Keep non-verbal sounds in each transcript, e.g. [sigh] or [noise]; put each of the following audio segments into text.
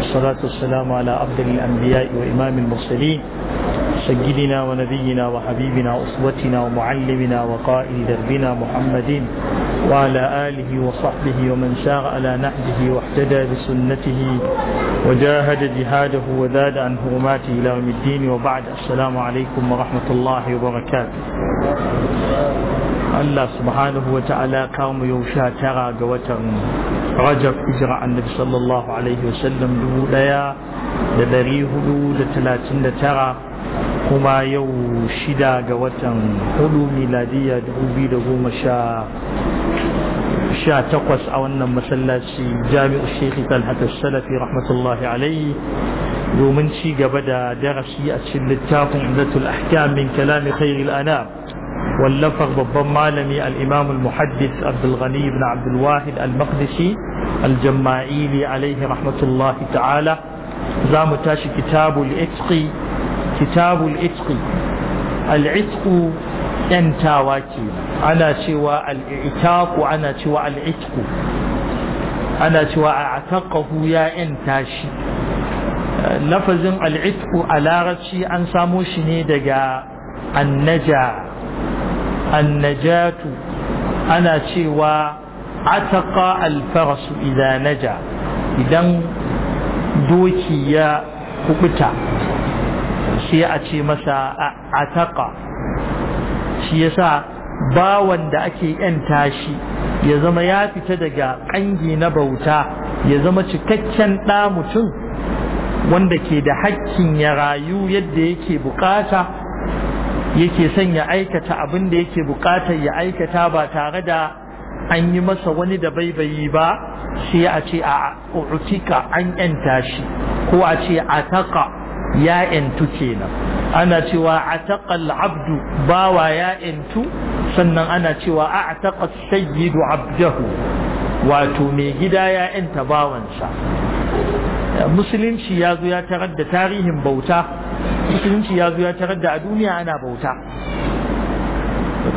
والصلاة والسلام على أفضل الأنبياء وإمام المرسلين سيدنا ونبينا وحبيبنا أسوتنا ومعلمنا وقائد دربنا محمد وعلى آله وصحبه ومن سار على نهجه واحتدى بسنته وجاهد جهاده وزاد عن هرماته إلى يوم الدين وبعد السلام عليكم ورحمة الله وبركاته Allah subhanahu wa ta'ala kamu yau sha tara ga watan Rajab hijira annabi sallallahu alaihi wasallam dubu daya da dari hudu da talatin da tara kuma yau shida ga watan hudu miladiya 2018 a wannan masallaci jami'u shekhi talhatar salafi rahmatullahi alaihi domin ci gaba da darasi a cikin littafin indatul ahkam min kalami khairil ana wallafar babban malami al-imam al-muhaddis abdul ibn Abdulwahid wahid al-maqdisi alaihi rahmatullahi ta'ala za mu tashi kitabul itqi kitabul itqi al-itqu yantawa ke ana cewa al ana cewa al ana cewa a ataqahu ya yanta shi lafazin al-itqu a an samo shi ne daga annaja annajatu ana cewa ataqa al-farasu idza naja idan doki ya kukuta sai a ce masa a ataka shi sa bawan da ake yan tashi ya zama ya fita daga ƙangi na bauta ya zama cikakken ɗa mutum wanda ke da hakkin ya rayu yadda yake bukata yake son ya aikata abin da yake bukatar ya aikata ba tare da an yi masa wani da baibayi ba sai a ce a utika an yanta shi ko a ce a taƙa. ya kenan ana cewa ataqal abdu bawa ya sannan ana cewa ataqa sayyidu abdahu wato mai gida ya bawansa musulunci ya zo ya tarar da tarihin bauta musulunci ya zo ya tarar da a duniya ana bauta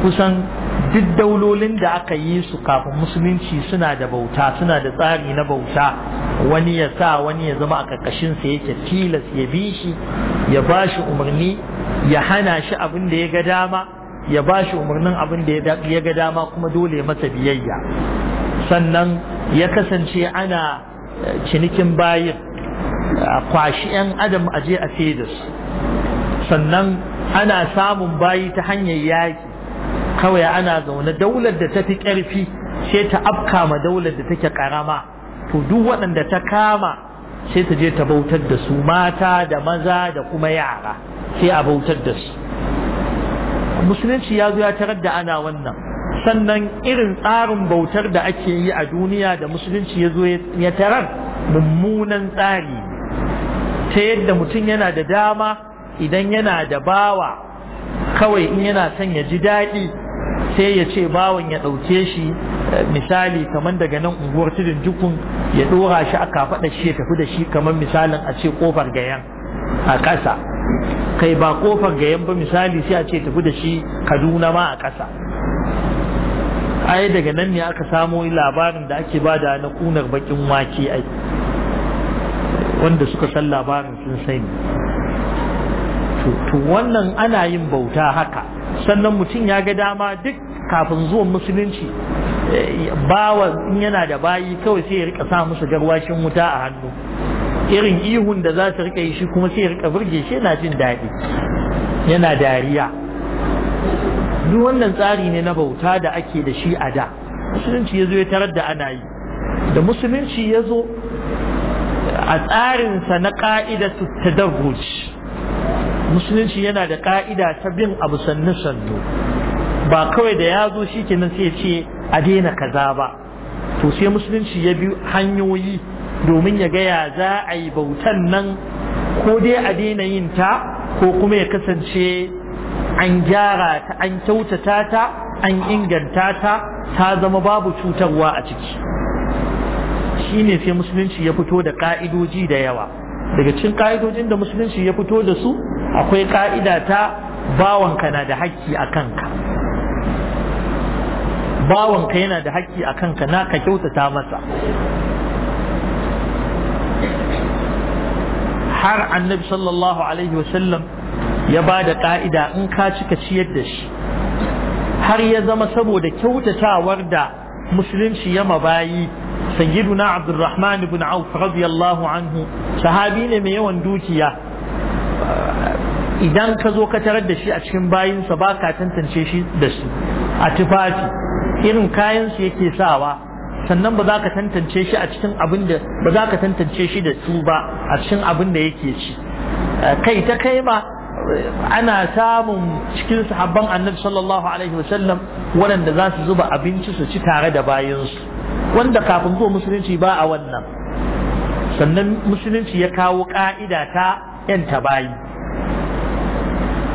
kusan duk daulolin da aka yi su kafin musulunci suna da bauta suna da tsari na bauta wani ya sa wani ya zama a ƙarƙashin sa yake tilas ya bi shi ya ba shi umarni ya hana shi abin da ya ga dama ya ba shi umarnin abin da ya ga dama kuma dole masa biyayya sannan ya kasance ana eh, cinikin bayin a kwashi 'yan adam aje a sannan ana samun bayi ta hanyar yaƙi kawai ana zaune daular da ta fi ƙarfi sai ta afka ma daular da take ƙarama to duk waɗanda ta kama sai ta je ta bautar da su mata da maza da kuma yara sai a bautar da su musulunci ya zo ya tarar da ana wannan sannan irin tsarin bautar da ake yi a duniya da musulunci ya zo ya tarar mummunan tsari ta yadda mutum yana da dama idan yana da bawa kawai in yana son ya ji daɗi sai ya ce bawan ya ɗauke shi eh, misali kamar daga nan unguwar tudun jukun ya ɗora shi a kafaɗa shi ya tafi da shi kamar misalin a ce ƙofar gayan a ƙasa kai ba ƙofar gayan ba misali sai a ce tafi da shi kaduna ma a ƙasa ai daga nan ne aka samo labarin da ake bada na kunar bakin wake ai wanda suka san labarin sun sani to wannan ana yin bauta haka sannan mutum ya ga dama duk kafin zuwan musulunci eh, bawa in yana da bayi kawai sai ya rika sa musu garwashin wuta a hannu irin ihun da za su rika yi shi kuma sai ya rika burge shi yana jin daɗi yana dariya duk wannan tsari ne na bauta da ake da shi a da musulunci ya zo ya tarar da ana yi da musulunci ya zo a tsarinsa na ƙa'idatu tadarruj musulunci yana da ka'ida ta bin abu sannu sannu ba kawai da ya zo shi kenan sai ce a daina kaza ba to sai musulunci ya bi hanyoyi domin ya gaya za a yi bautan nan ko dai a daina yin ta ko kuma ya kasance an gyara ta an kyautata ta an inganta ta ta zama babu cutarwa a ciki shine sai musulunci ya fito da ka'idoji da yawa daga cikin ka'idojin da musulunci ya fito da su akwai ka'ida ta bawanka na da hakki a kanka bawanka yana da hakki a kanka na ka kyautata masa har annabi sallallahu alaihi wasallam ya ba da ka'ida in ka cika ciyar da shi har ya zama saboda kyautatawar da musulunci ya mabayi sayyiduna abdurrahman ibn auf radiyallahu anhu sahabi ne mai yawan dukiya idan ka zo ka tarar da shi a cikin bayinsa ba ka tantance shi da su a tufafi irin kayan su yake sawa sannan ba za ka tantance shi a cikin abin da ba za ka tantance shi da su ba a cikin abin da yake ci eh, kai ta kai ma ana samun cikin sahabban annabi sallallahu alaihi wasallam waɗanda za su zuba abinci su ci tare da bayansu wanda kafin zuwa musulunci ba a wannan sannan musulunci ya kawo ka'ida ta 'yan bayi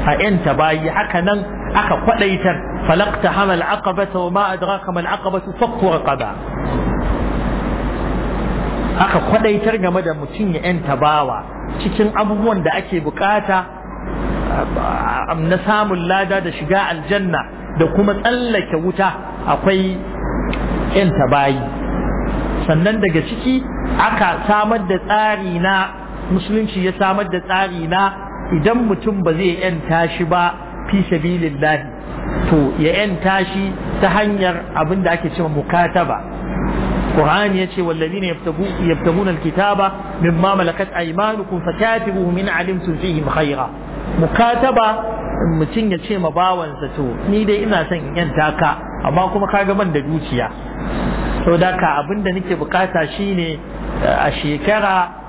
a yan bayi haka nan aka kwadaitar falakta hamal aqabata wa ma adraka mal aqabatu fakku aka kwadaitar game da mutum ya yanta bawa cikin abubuwan da ake bukata na samun lada da shiga aljanna da kuma tsallake wuta akwai yanta bayi sannan daga ciki aka samar da tsari na musulunci ya samar da tsari na idan mutum ba zai yanta shi ba fi sabilillahi to ya yanta shi ta hanyar abin da ake cewa mukataba Qur'ani yace wallazina yabtagu yabtaguna alkitaba mimma malakat aymanukum fakatibuhum in alimtum fihim khaira mukataba mutum ya ce ma bawansa to ni dai ina son in yanta ka amma kuma ka ga man da dukiya to ka abin da nake bukata shine a shekara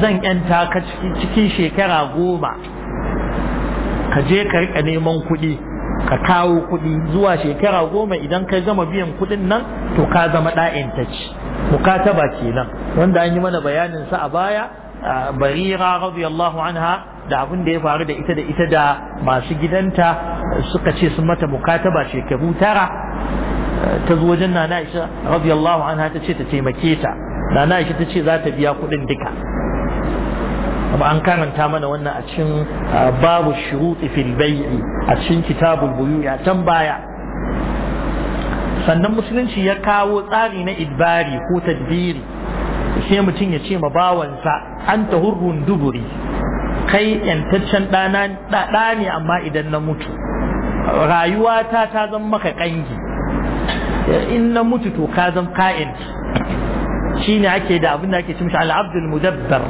zan yanta ka cikin shekara goma ka je ka riƙa neman kuɗi ka kawo kuɗi zuwa shekara goma idan ka zama biyan kuɗin nan to ka zama ɗa'in ta ka mukataba kenan wanda an yi mana bayanin sa a baya barira radiyallahu anha da abin da ya faru da ita da ita da masu gidanta suka ce sun mata mukataba shekaru tara ta zo wajen nana isha radiyallahu anha ta ce ta taimake ta nana isha ta ce za ta biya kuɗin duka amma an karanta mana wannan a cikin babu shuruti fil bai'i a cikin kitabul buyu'i a can baya sannan musulunci ya kawo tsari na idbari ko tadbiri sai mutum ya ce ma bawansa an ta hurrun duburi kai yantaccen ɗaɗa ne amma idan na mutu rayuwa ta ta zan maka ƙangi in na mutu to ka zan ka'in shi ne ake da abin da ake cimshi al'abdul mudabbar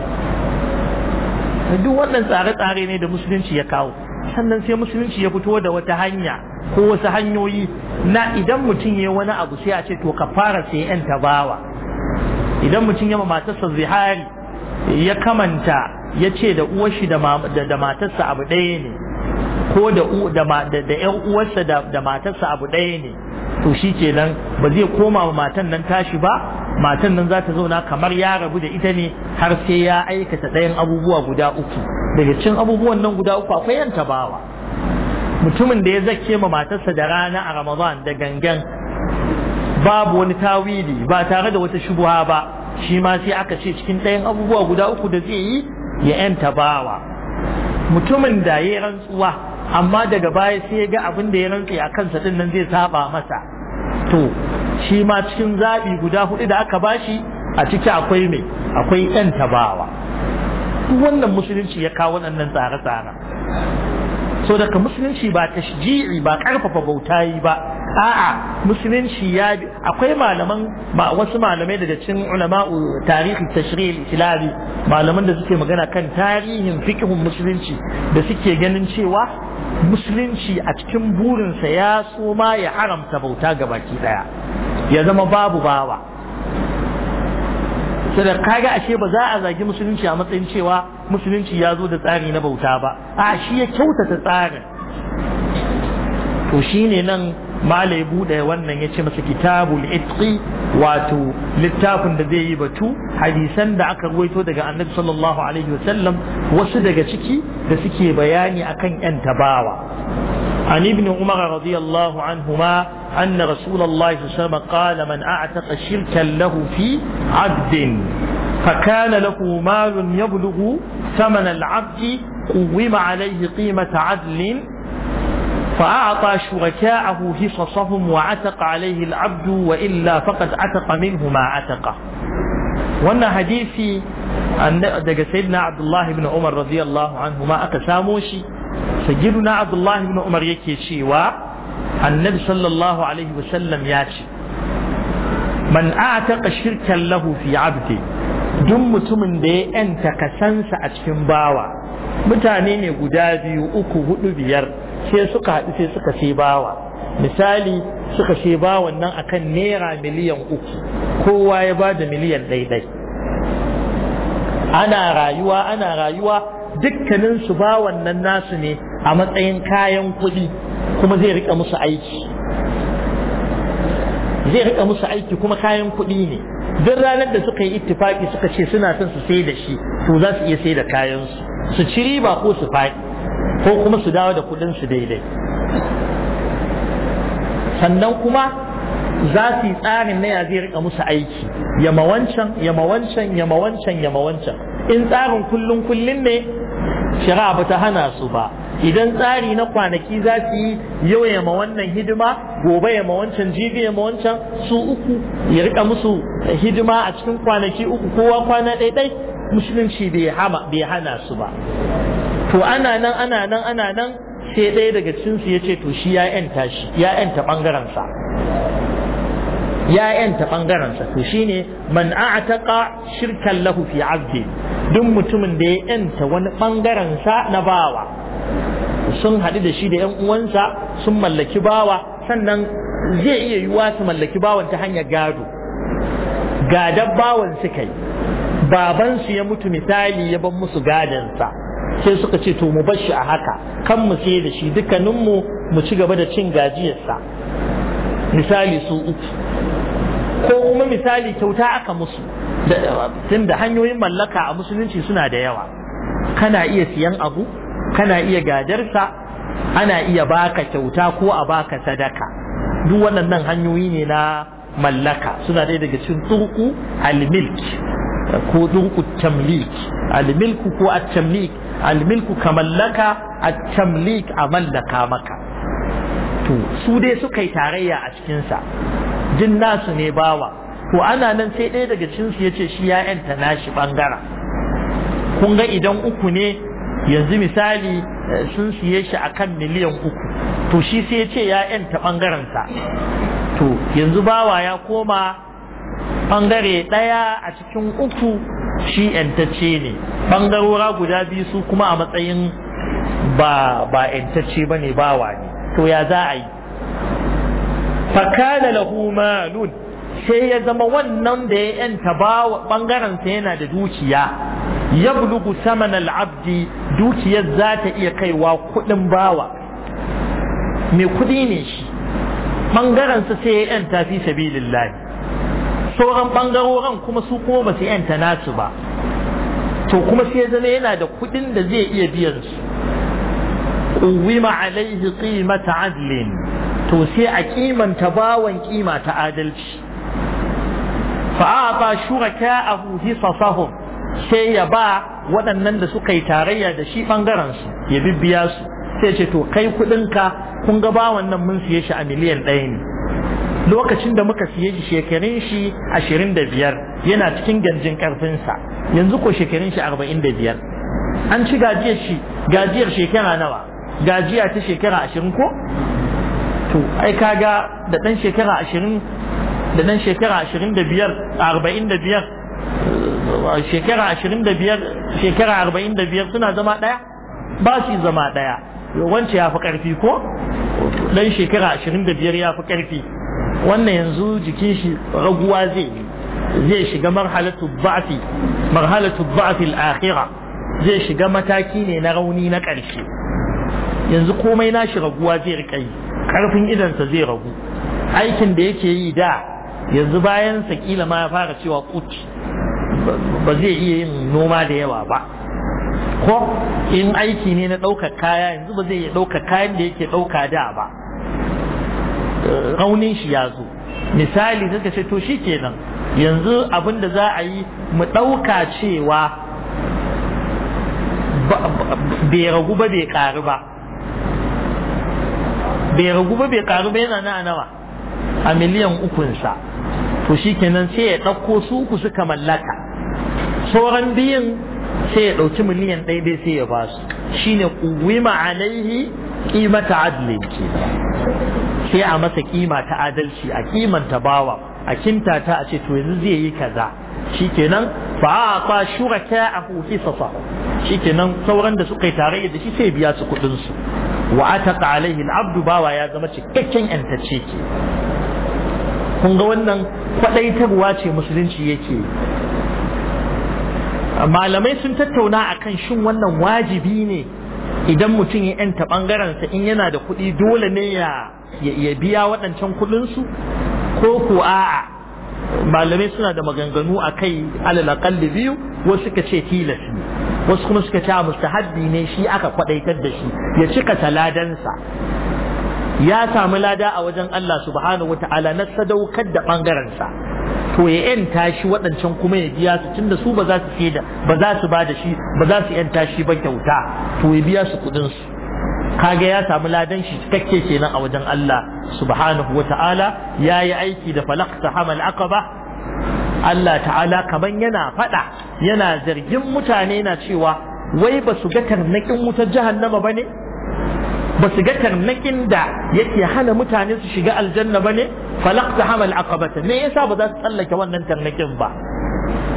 duk waɗannan tsare-tsare ne da musulunci ya kawo sannan sai musulunci ya fito da wata hanya ko wasu hanyoyi na idan mutum ya yi wani abu sai a ce to ka fara sai yan tabawa idan mutum ya matarsa zihari ya kamanta ya ce da uwashi da matarsa abu ɗaya ne ko da ƴan uwarsa da matarsa abu ɗaya ne to shi nan ba zai koma wa matan nan tashi ba matan nan za ta zauna kamar ya rabu da ita ne har sai ya aikata ɗayan abubuwa guda uku daga cin abubuwan nan guda uku akwai yanta bawa mutumin da ya zake ma matarsa da rana a ramadan da gangan babu wani tawili ba tare da wata shubuha ba shi ma sai aka ce cikin ɗayan abubuwa guda uku da zai yi ya yanta bawa mutumin da ya rantsuwa amma daga baya sai ya ga abin da ya rantsi a kansa din nan zai saba masa to shi ma cikin zaɓi guda hudu da aka bashi a ciki akwai mai akwai yanta bawa wannan musulunci ya kawo waɗannan tsare-tsaren so daga musulunci ba tashji'i ba ƙarfafa bauta yi ba a'a musulunci ya akwai malaman wasu malamai daga cikin ulama tarihi tashri'il malaman da suke magana kan tarihin fikihun musulunci da suke ganin cewa musulunci a cikin burinsa ya so ma ya haramta bauta ga baki daya ya zama babu bawa saboda kaga ashe ba za a zagi musulunci a matsayin cewa musulunci ya zo da tsari na bauta ba a shi ya kyautata tsarin to shine nan mala ya buɗe wannan ya ce masa kitabul itqi wato littafin da zai yi batu hadisan da aka ruwaito daga annabi sallallahu alaihi wasallam wasu daga ciki da suke bayani akan yan tabawa عن ابن عمر رضي الله عنهما أن رسول الله صلى الله عليه وسلم قال من أعتق شركا له في عبد فكان له مال يبلغ ثمن العبد قوم عليه قيمة عدل فأعطى شركاءه حصصهم وعتق عليه العبد وإلا فقد عتق منه ما عتق wannan hadisi daga sayyidina Abdullah ibn Umar radiyallahu anhu ma aka samo shi sayyidina Abdullah ibn Umar yake cewa annabi sallallahu alaihi wasallam ya ce man a'taqa shirkan lahu fi 'abdi duk mutumin da ya yanta kasansa a cikin bawa mutane ne guda biyu uku hudu biyar sai suka haɗu sai suka ce bawa misali suka ce bawan nan akan naira miliyan uku kowa ya ba da miliyan ɗaiɗai ana rayuwa ana rayuwa dukkanin su bawan nan nasu ne a matsayin kayan kuɗi kuma zai rika musu aiki zai rika musu aiki kuma kayan kuɗi ne duk ranar da suka yi ittifaki suka ce suna son su sai da shi to za su iya sai da kayan su su ci riba ko su faɗi ko kuma su dawo da kudin su daidai sannan kuma za su yi tsarin na ya zai rika musu aiki yama wancan yama wancan yama wancan yama wancan in tsarin kullum kullum ne shari'a ba ta hana su ba idan tsari na kwanaki za su yi yau ya wannan hidima gobe ya wancan jibi ya wancan su uku ya rika musu hidima a cikin kwanaki uku kowa kwana ɗaiɗai musulunci bai hana su ba to ana nan ana nan ana nan sai ɗaya daga cikinsu ya ce to shi ya yanta shi ya yanta ɓangarensa ya yanta ɓangarensa to shi ne man a'taqa shirkan lahu fi abdi duk mutumin da ya yanta wani ɓangarensa na bawa sun haɗu da shi da ‘yan uwansa sun mallaki bawa sannan zai iya yiwuwa su mallaki bawan ta hanyar gado gadon bawan suka yi babansu ya mutu misali ya ban musu gadansa sai suka ce to mu bashi a haka kan mu sai da shi dukkaninmu mu ci gaba da cin gajiyarsa misali su uku ko kuma misali kyauta aka musu tun da hanyoyin mallaka a musulunci suna da yawa kana iya siyan abu kana iya gadarsa ana iya baka kyauta ko a baka sadaka duk waɗannan hanyoyi ne na mallaka suna ɗaya daga cikin turku almilk ko turku tamlik almilku ko at-tamlik almilku ka mallaka a tamlik a mallaka maka to su dai suka yi tarayya a cikinsa jin nasu ne bawa to ana nan sai ɗaya daga cinsu ya ce shi ya yanta nashi ɓangara kun ga idan uku ne yanzu misali eh, sun siye shi a kan miliyan uku to shi sai ya ce ya yanta sa to yanzu bawa ya koma Bangare ɗaya a cikin uku shi ‘yantacce ne bangarora guda biyu su kuma a matsayin ba ba ‘yantacce ba ne bawa ne to ya za a yi fakana lahu malun sai ya zama wannan da ya ‘yanta ɓangarensa yana da dukiya ya bulugu saman al'abdi dukiyar za ta iya kaiwa kuɗin bawa mai kuɗi ne shi bangarensa sai ya ‘yanta fi sabilillahi sauran bangarorin kuma su kuma ba su yanta nasu ba to kuma sai zama yana da kudin da zai iya biyan su uwima alaihi qimata adlin to sai a kimanta bawan kima ta adalci a shuraka'ahu hisasahum sai ya ba waɗannan da suka yi tarayya da shi bangaren su ya bibbiya su sai ce to kai kudinka kun ga bawan nan mun siye shi a miliyan ɗaya ne lokacin da muka siye shi shekarun shi ashirin da biyar yana cikin ganjin karfinsa yanzu ko shekarun shi arba'in da biyar an ci gajiyar shi gajiyar shekara nawa gajiya ta shekara ashirin ko to ai kaga da dan shekara ashirin da dan shekara ashirin da biyar arba'in da biyar shekara ashirin da biyar shekara arba'in da biyar suna zama ɗaya ba su zama ɗaya wance ya fi ƙarfi ko dan shekara ashirin da biyar ya fi ƙarfi wannan yanzu jikin shi raguwa zai yi zai shiga marhalatu ba'fi marhalatu al-akhirah zai shiga mataki ne na rauni na ƙarshe yanzu komai nashi raguwa zai rika yi karfin sa zai ragu aikin da yake yi da yanzu bayan sa kila ma ya fara cewa kut ba zai iya yin noma da yawa ba ko in aiki ne na ɗaukar kaya yanzu ba zai iya ɗaukar kayan da yake ɗauka da ba raunin shi ya zo misali suka ce to shi kenan yanzu abin da za a yi mu ɗauka cewa bai ragu ba bai ƙaru ba bai ragu ba bai ƙaru ba yana na nawa a miliyan ukunsa to shi kenan sai ya ɗauko su ku suka mallaka sauran biyun sai ya ɗauki miliyan ɗaya dai sai ya ba su shine kuwima alaihi ƙimata adlin kenan sai a masa kima ta adalci a kimanta bawa a kinta ta a ce to yanzu zai yi kaza shikenan fa fa shuraka ahu hisasa shikenan sauran da suka yi tare da shi sai biya su kudin su wa ataqa alaihi al-abdu bawa ya zama cikakken yantace ke kun ga wannan kwadaitarwa ce musulunci yake malamai sun tattauna akan shin wannan wajibi ne idan mutum ya yanta ɓangarensa in yana da kuɗi dole ne ya ya biya waɗancan kuɗinsu ko ko a'a malamai suna da maganganu a kai alalaƙalli biyu wasu suka ce tilas ne wasu kuma suka ce mustahabbi ne shi aka kwaɗaitar da shi ya cika taladansa ya samu lada a wajen Allah subhanahu wata'ala na sadaukar da bangarensa to ya yanta shi waɗancan kuma ya biya su tunda su ba su ba za su ba da shi ba za su yanta shi ba kyauta to ya biya su kuɗinsu? kaga ya samu ladan shi cikakke kenan a wajen Allah subhanahu wa ta'ala ya yi aiki da falakta hamal aqaba Allah ta'ala kaman yana fada yana zargin mutane na cewa wai ba su ga tarnakin wutar jahannama ba ne ba su ga tarnakin da yake hana mutane su shiga aljanna ba ne falakta hamal aqabata me yasa ba za su tsallake wannan tarnakin ba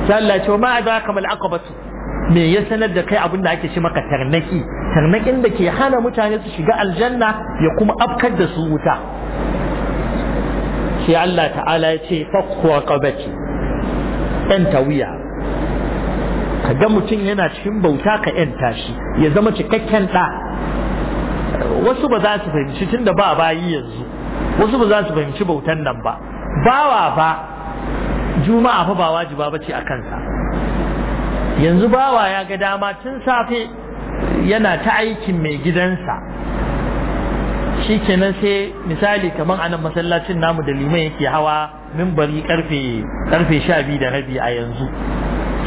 sai Allah ya ce ma za me ya sanar da kai abin ake ce maka tarnaki tarnakin da ke hana mutane su shiga aljanna ya kuma afkar da su wuta sai Allah ta'ala ya ce fakwa qabaci yan tawiya kaga mutum yana cikin bauta ka yanta shi ya zama cikakken da wasu ba za su fahimci tunda ba bayi yanzu wasu ba za su fahimci bautan nan ba bawa ba juma'a fa ba wajiba bace a kansa yanzu bawa ya ga dama tun safe yana ta aikin mai gidansa shi kenan sai misali kamar anan masallacin namu da liman yake hawa mimbari karfe karfe sha biyu da rabi a yanzu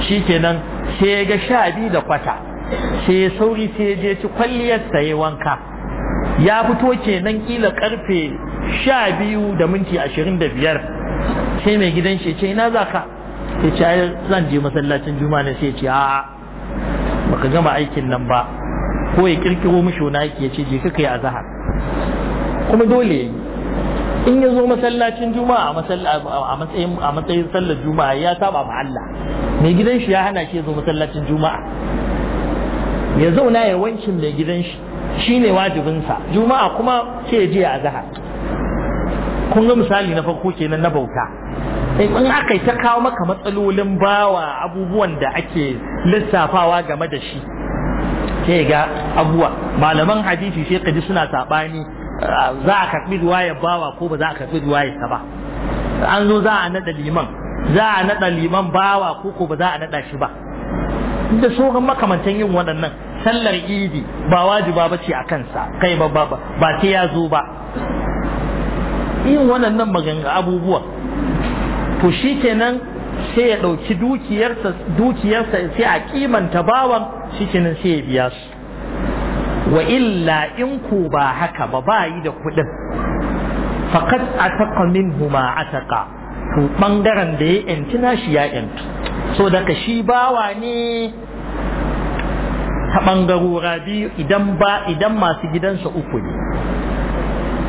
shi kenan sai ya ga sha biyu da kwata sai ya sauri sai ya je ci kwalliyarsa ya wanka ya fito kenan kila karfe sha biyu da minti ashirin da biyar sai mai gidan shi ce ina za ka ya ce ai zan je masallacin juma'a ne sai ya ce a'a baka gama aikin nan ba ko ya kirkiro mishi wani aiki ya ce je ka kai azhar kuma dole in ya zo masallacin juma'a a matsayin a matsayin sallar juma'a ya saba ma Allah mai gidan shi ya hana shi ya zo masallacin juma'a ya zauna ya wancin mai gidan shi shi ne wajibinsa juma'a kuma sai ya je a azhar kun ga misali na farko kenan na bauta in aka yi ta kawo maka matsalolin bawa abubuwan da ake lissafawa game da shi sai ga abuwa malaman hadisi sai kaji suna sabani ah, za a karbi ruwaya bawa ko ba za a karbi ruwaya ta ba an zo za a nada liman za a nada liman bawa ko ko ba za a nada shi ba da sauran makamantan yin waɗannan sallar idi ba wajiba ba ce a kansa kai ba ba sai ya zo ba yin waɗannan maganga abubuwan to shi kenan sai ya ɗauki dukiyarsa dukiyarsa sai a kimanta bawan shi kenan sai ya biya su wa illa in ku ba haka ba ba yi da kuɗin faqad ataqa minhu ma ataqa to bangaren da ya yanci shi ya yanci so daga shi bawa ne ta bangarora biyu idan masu gidansa uku ne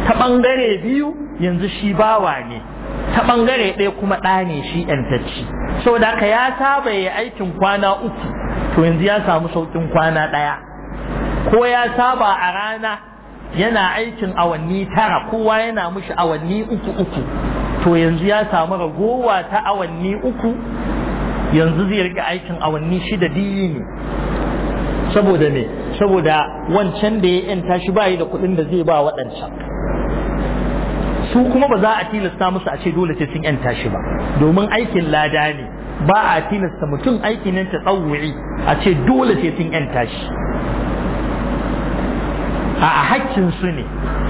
ta ɓangare biyu yanzu shi bawa ne ta bangare ɗaya kuma ɗa ne shi yantacci saboda haka ya saba ya aikin kwana uku to yanzu ya samu sauƙin kwana ɗaya ko ya saba a rana yana aikin awanni tara kowa yana mushi awanni uku uku to yanzu ya samu ragowa ta awanni uku yanzu zai rika aikin awanni shida diyi ne saboda me saboda wancan da ya yanta shi bayi da kuɗin da zai ba waɗancan su kuma ba za a tilasta musu a ce dole sai sun yanta shi ba domin aikin lada ne ba a tilasta mutum aiki nan ta tsawuri a ce dole sai sun yanta shi a hakkin su ne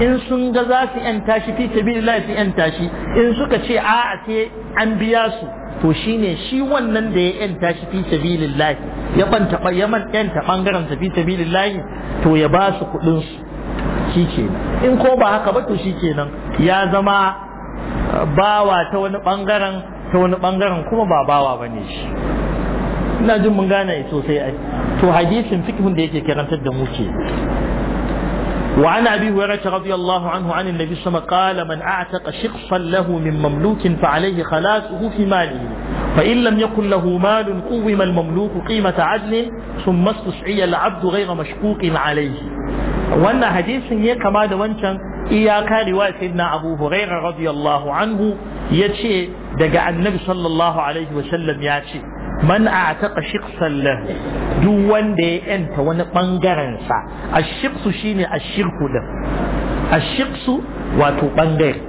in sun ga za su yanta shi fi sabilillah su yanta shi in suka ce a a sai an biya su to shine shi wannan da ya yanta shi fi sabilillah ya ya man yanta bangaren sa fi sabilillah to ya ba su kuɗinsu. su shi in ko ba haka ba to shi kenan ya zama bawa ta wani bangaren ta wani bangaren kuma ba bawa bane shi ina jin mun gane sosai ai to hadisin fikhun da yake karantar da mu ke وعن ابي هريره رضي الله عنه عن النبي صلى الله عليه وسلم قال من اعتق شخصا له من مملوك فعليه خلاصه في ماله فان لم يكن له مال قوم المملوك قيمه عدل ثم استسعي العبد غير مشكوك عليه wannan hadisin ya kama da wancan iyaka riwaya sayyidina Abu Hurairah radiyallahu anhu yace daga Annabi sallallahu alaihi wa sallam yace. man a'taqa shiqsan lahu duk wanda ya yanta wani bangaren sa ashiqsu shine ashirku din ashiqsu wato bangare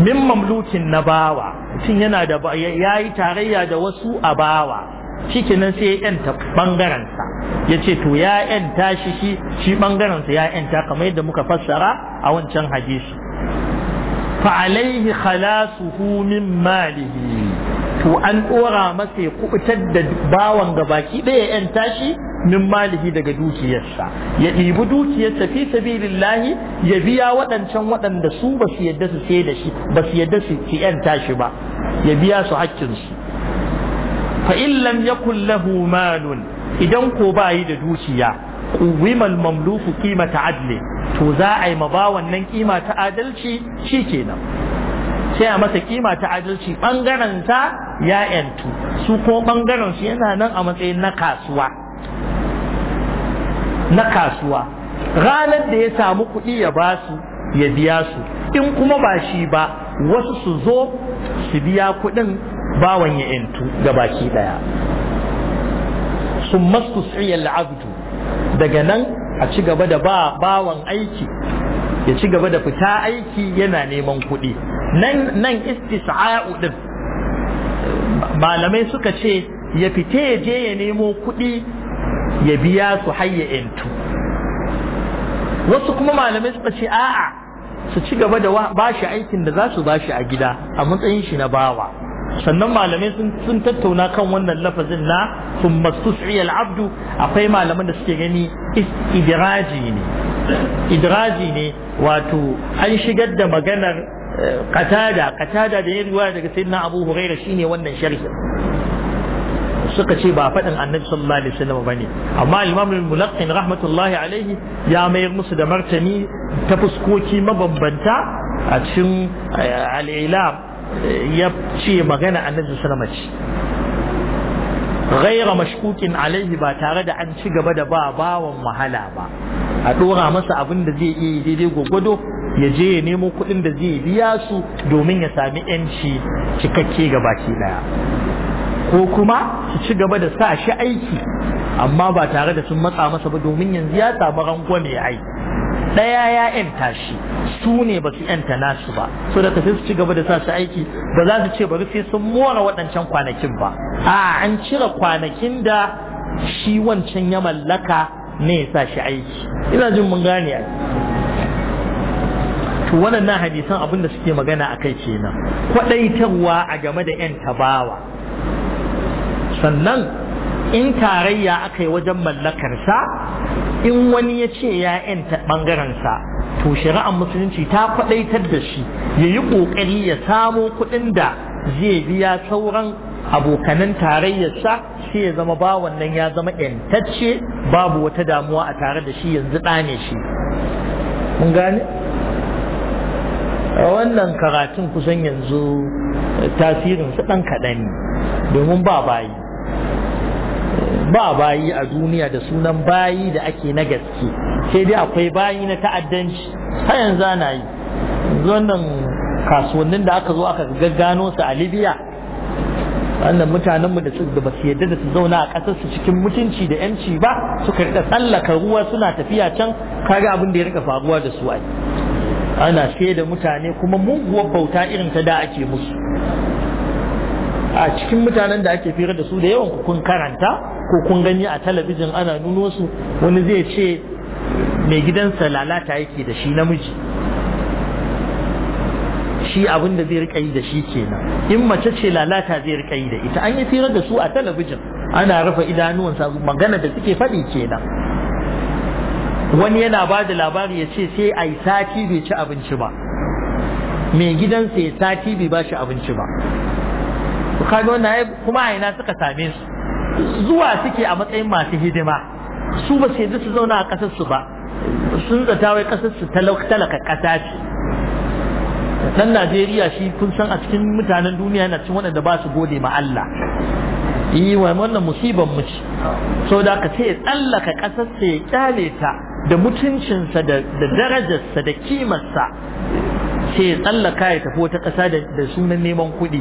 min mamlukin na bawa mutum yana da yayi tarayya da wasu a bawa shikenan sai ya yanta bangaren sa yace to ya yanta shi shi shi bangaren sa ya yanta kamar yadda muka fassara a wancan hadisi fa alaihi khalasuhu min malihi to an dora masa ya kubutar da bawan gabaki ɗaya ya yanta shi min malihi daga dukiyarsa ya ɗibi dukiyarsa fi sabilillahi ya biya waɗancan waɗanda su ba su yadda su sai da shi ba su yadda su yanta shi ba ya biya su hakkinsu fa in lam yakul lahu idan ko ba yi da dukiya kuwimal mamluku qimata adli to za a yi mabawan nan kima ta adalci shikenan sai a masa kima ta adalci bangaren ta ya su ko bangaren su yana nan a matsayin na kasuwa na kasuwa ranar da ya samu kuɗi ya ba su ya biya su in kuma ba shi ba wasu su zo su biya kuɗin bawan ya intu ga baki daya sun masu abdu daga nan a ci gaba da bawan aiki ya ci gaba da fita aiki yana neman kuɗi nan nan din malamai suka ce ya fita ya je ya nemo kuɗi ya biya su hayya intu wasu kuma malamai suka ce a'a su ci gaba da bashi aikin da za su shi a gida a matsayin shi na bawa sannan malamai sun tattauna kan wannan lafazin na sun mastus'iyal abdu akwai malaman da suke gani idiraji ne idiraji ne wato an shigar da maganar katada eh, katada da ya ruwa daga sayyidina abu huraira shine wannan sharhi suka ce ba faɗin annabi sallallahu alaihi wasallam bane amma imam al-mulaqqin rahmatullahi alaihi ya mayar musu da martani ta fuskoki mabambanta a cikin eh, al-ilam ya ce magana annabi sallama ce ghaira mashkukin alaihi ba tare da an ci gaba da ba bawan mahala ba a dora masa abin da zai iya daidai gwagwado ya je ya nemo kuɗin da zai biya su domin ya sami yanci cikakke ga baki daya ko kuma su ci gaba da sa shi aiki amma ba tare da sun matsa masa ba domin yanzu ya samu rangwame aiki ɗaya ya yanta shi su ne ba su yanta nasu ba so da tafi su ci gaba da sa su aiki ba za su ce bari sai sun mora waɗancan kwanakin ba a an cire kwanakin da shi wancan ya mallaka ne ya sa shi aiki ina jin mun gane to waɗannan hadisan abin da suke magana a kai kenan kwaɗaitarwa a game da yan tabawa sannan in tarayya aka yi wajen mallakarsa in wani ya ce ya yanta sa to shari'ar musulunci ta kwaɗaitar da shi ya yi ƙoƙari ya samo kuɗin da zai biya sauran abokanan tarayyarsa sai ya zama ba wannan ya zama yantacce babu wata damuwa a tare da shi yanzu ɗane shi mun gane wannan karatun kusan yanzu tasirin su ɗan kaɗan domin ba bayi ba bayi a duniya da sunan bayi da ake na gaske sai dai akwai bayi na ta'addanci har yanzu ana yi wannan kasuwannin da aka zo aka gaggano su a libya wannan mutanenmu da su da basu yadda da su zauna a ƙasar su cikin mutunci da yanci ba suka rika tsallaka ruwa suna tafiya can kaga abin da ya rika faruwa da su ai ana sai da mutane kuma muguwar bauta irin ta da ake musu a cikin mutanen da ake fira da su da yawan kun karanta ko kun gani a talabijin ana nuno su wani zai ce mai gidansa lalata yake da shi namiji shi abin da zai rika yi da shi kenan in mace ce lalata zai rika yi da ita an yi fira da su a talabijin ana rufe idanuwansa magana da suke faɗi kenan wani yana ba da labari ya ce sai a yi sati bai ci abinci ba mai gidansa ya sati bai ba shi abinci ba to kaga wannan kuma aina suka same su zuwa suke a matsayin masu hidima su ba su su zauna a kasar su ba sun zata wai kasarsu su talaka kasa ce dan Najeriya shi kun san a cikin mutanen duniya yana cikin waɗanda ba su gode ma Allah yi wa wannan musibar mu ce so da ka sai ya tsallaka kasar sa ya kyale ta da mutuncinsa da darajarsa da kimarsa sai ya tsallaka ya tafi wata kasa da sunan neman kuɗi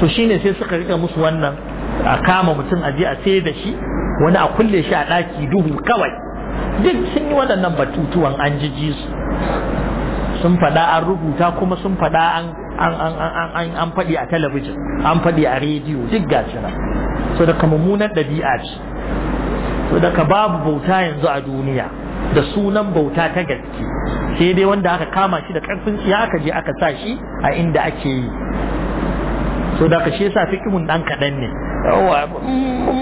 to shine sai suka rika musu wannan a kama mutum a je a sai da shi wani a kulle shi a ɗaki duhu kawai duk sun yi waɗannan batutuwan an jiji su sun faɗa an rubuta kuma sun faɗa an faɗi a talabijin an faɗi a rediyo duk gashi nan so daga mummunan ɗabi'a ce so daga babu bauta yanzu a duniya da sunan bauta ta gaske sai dai wanda aka kama shi da ƙarfin shi aka je aka sa shi a inda ake yi so da ka shi yasa fiqhun dan kadan ne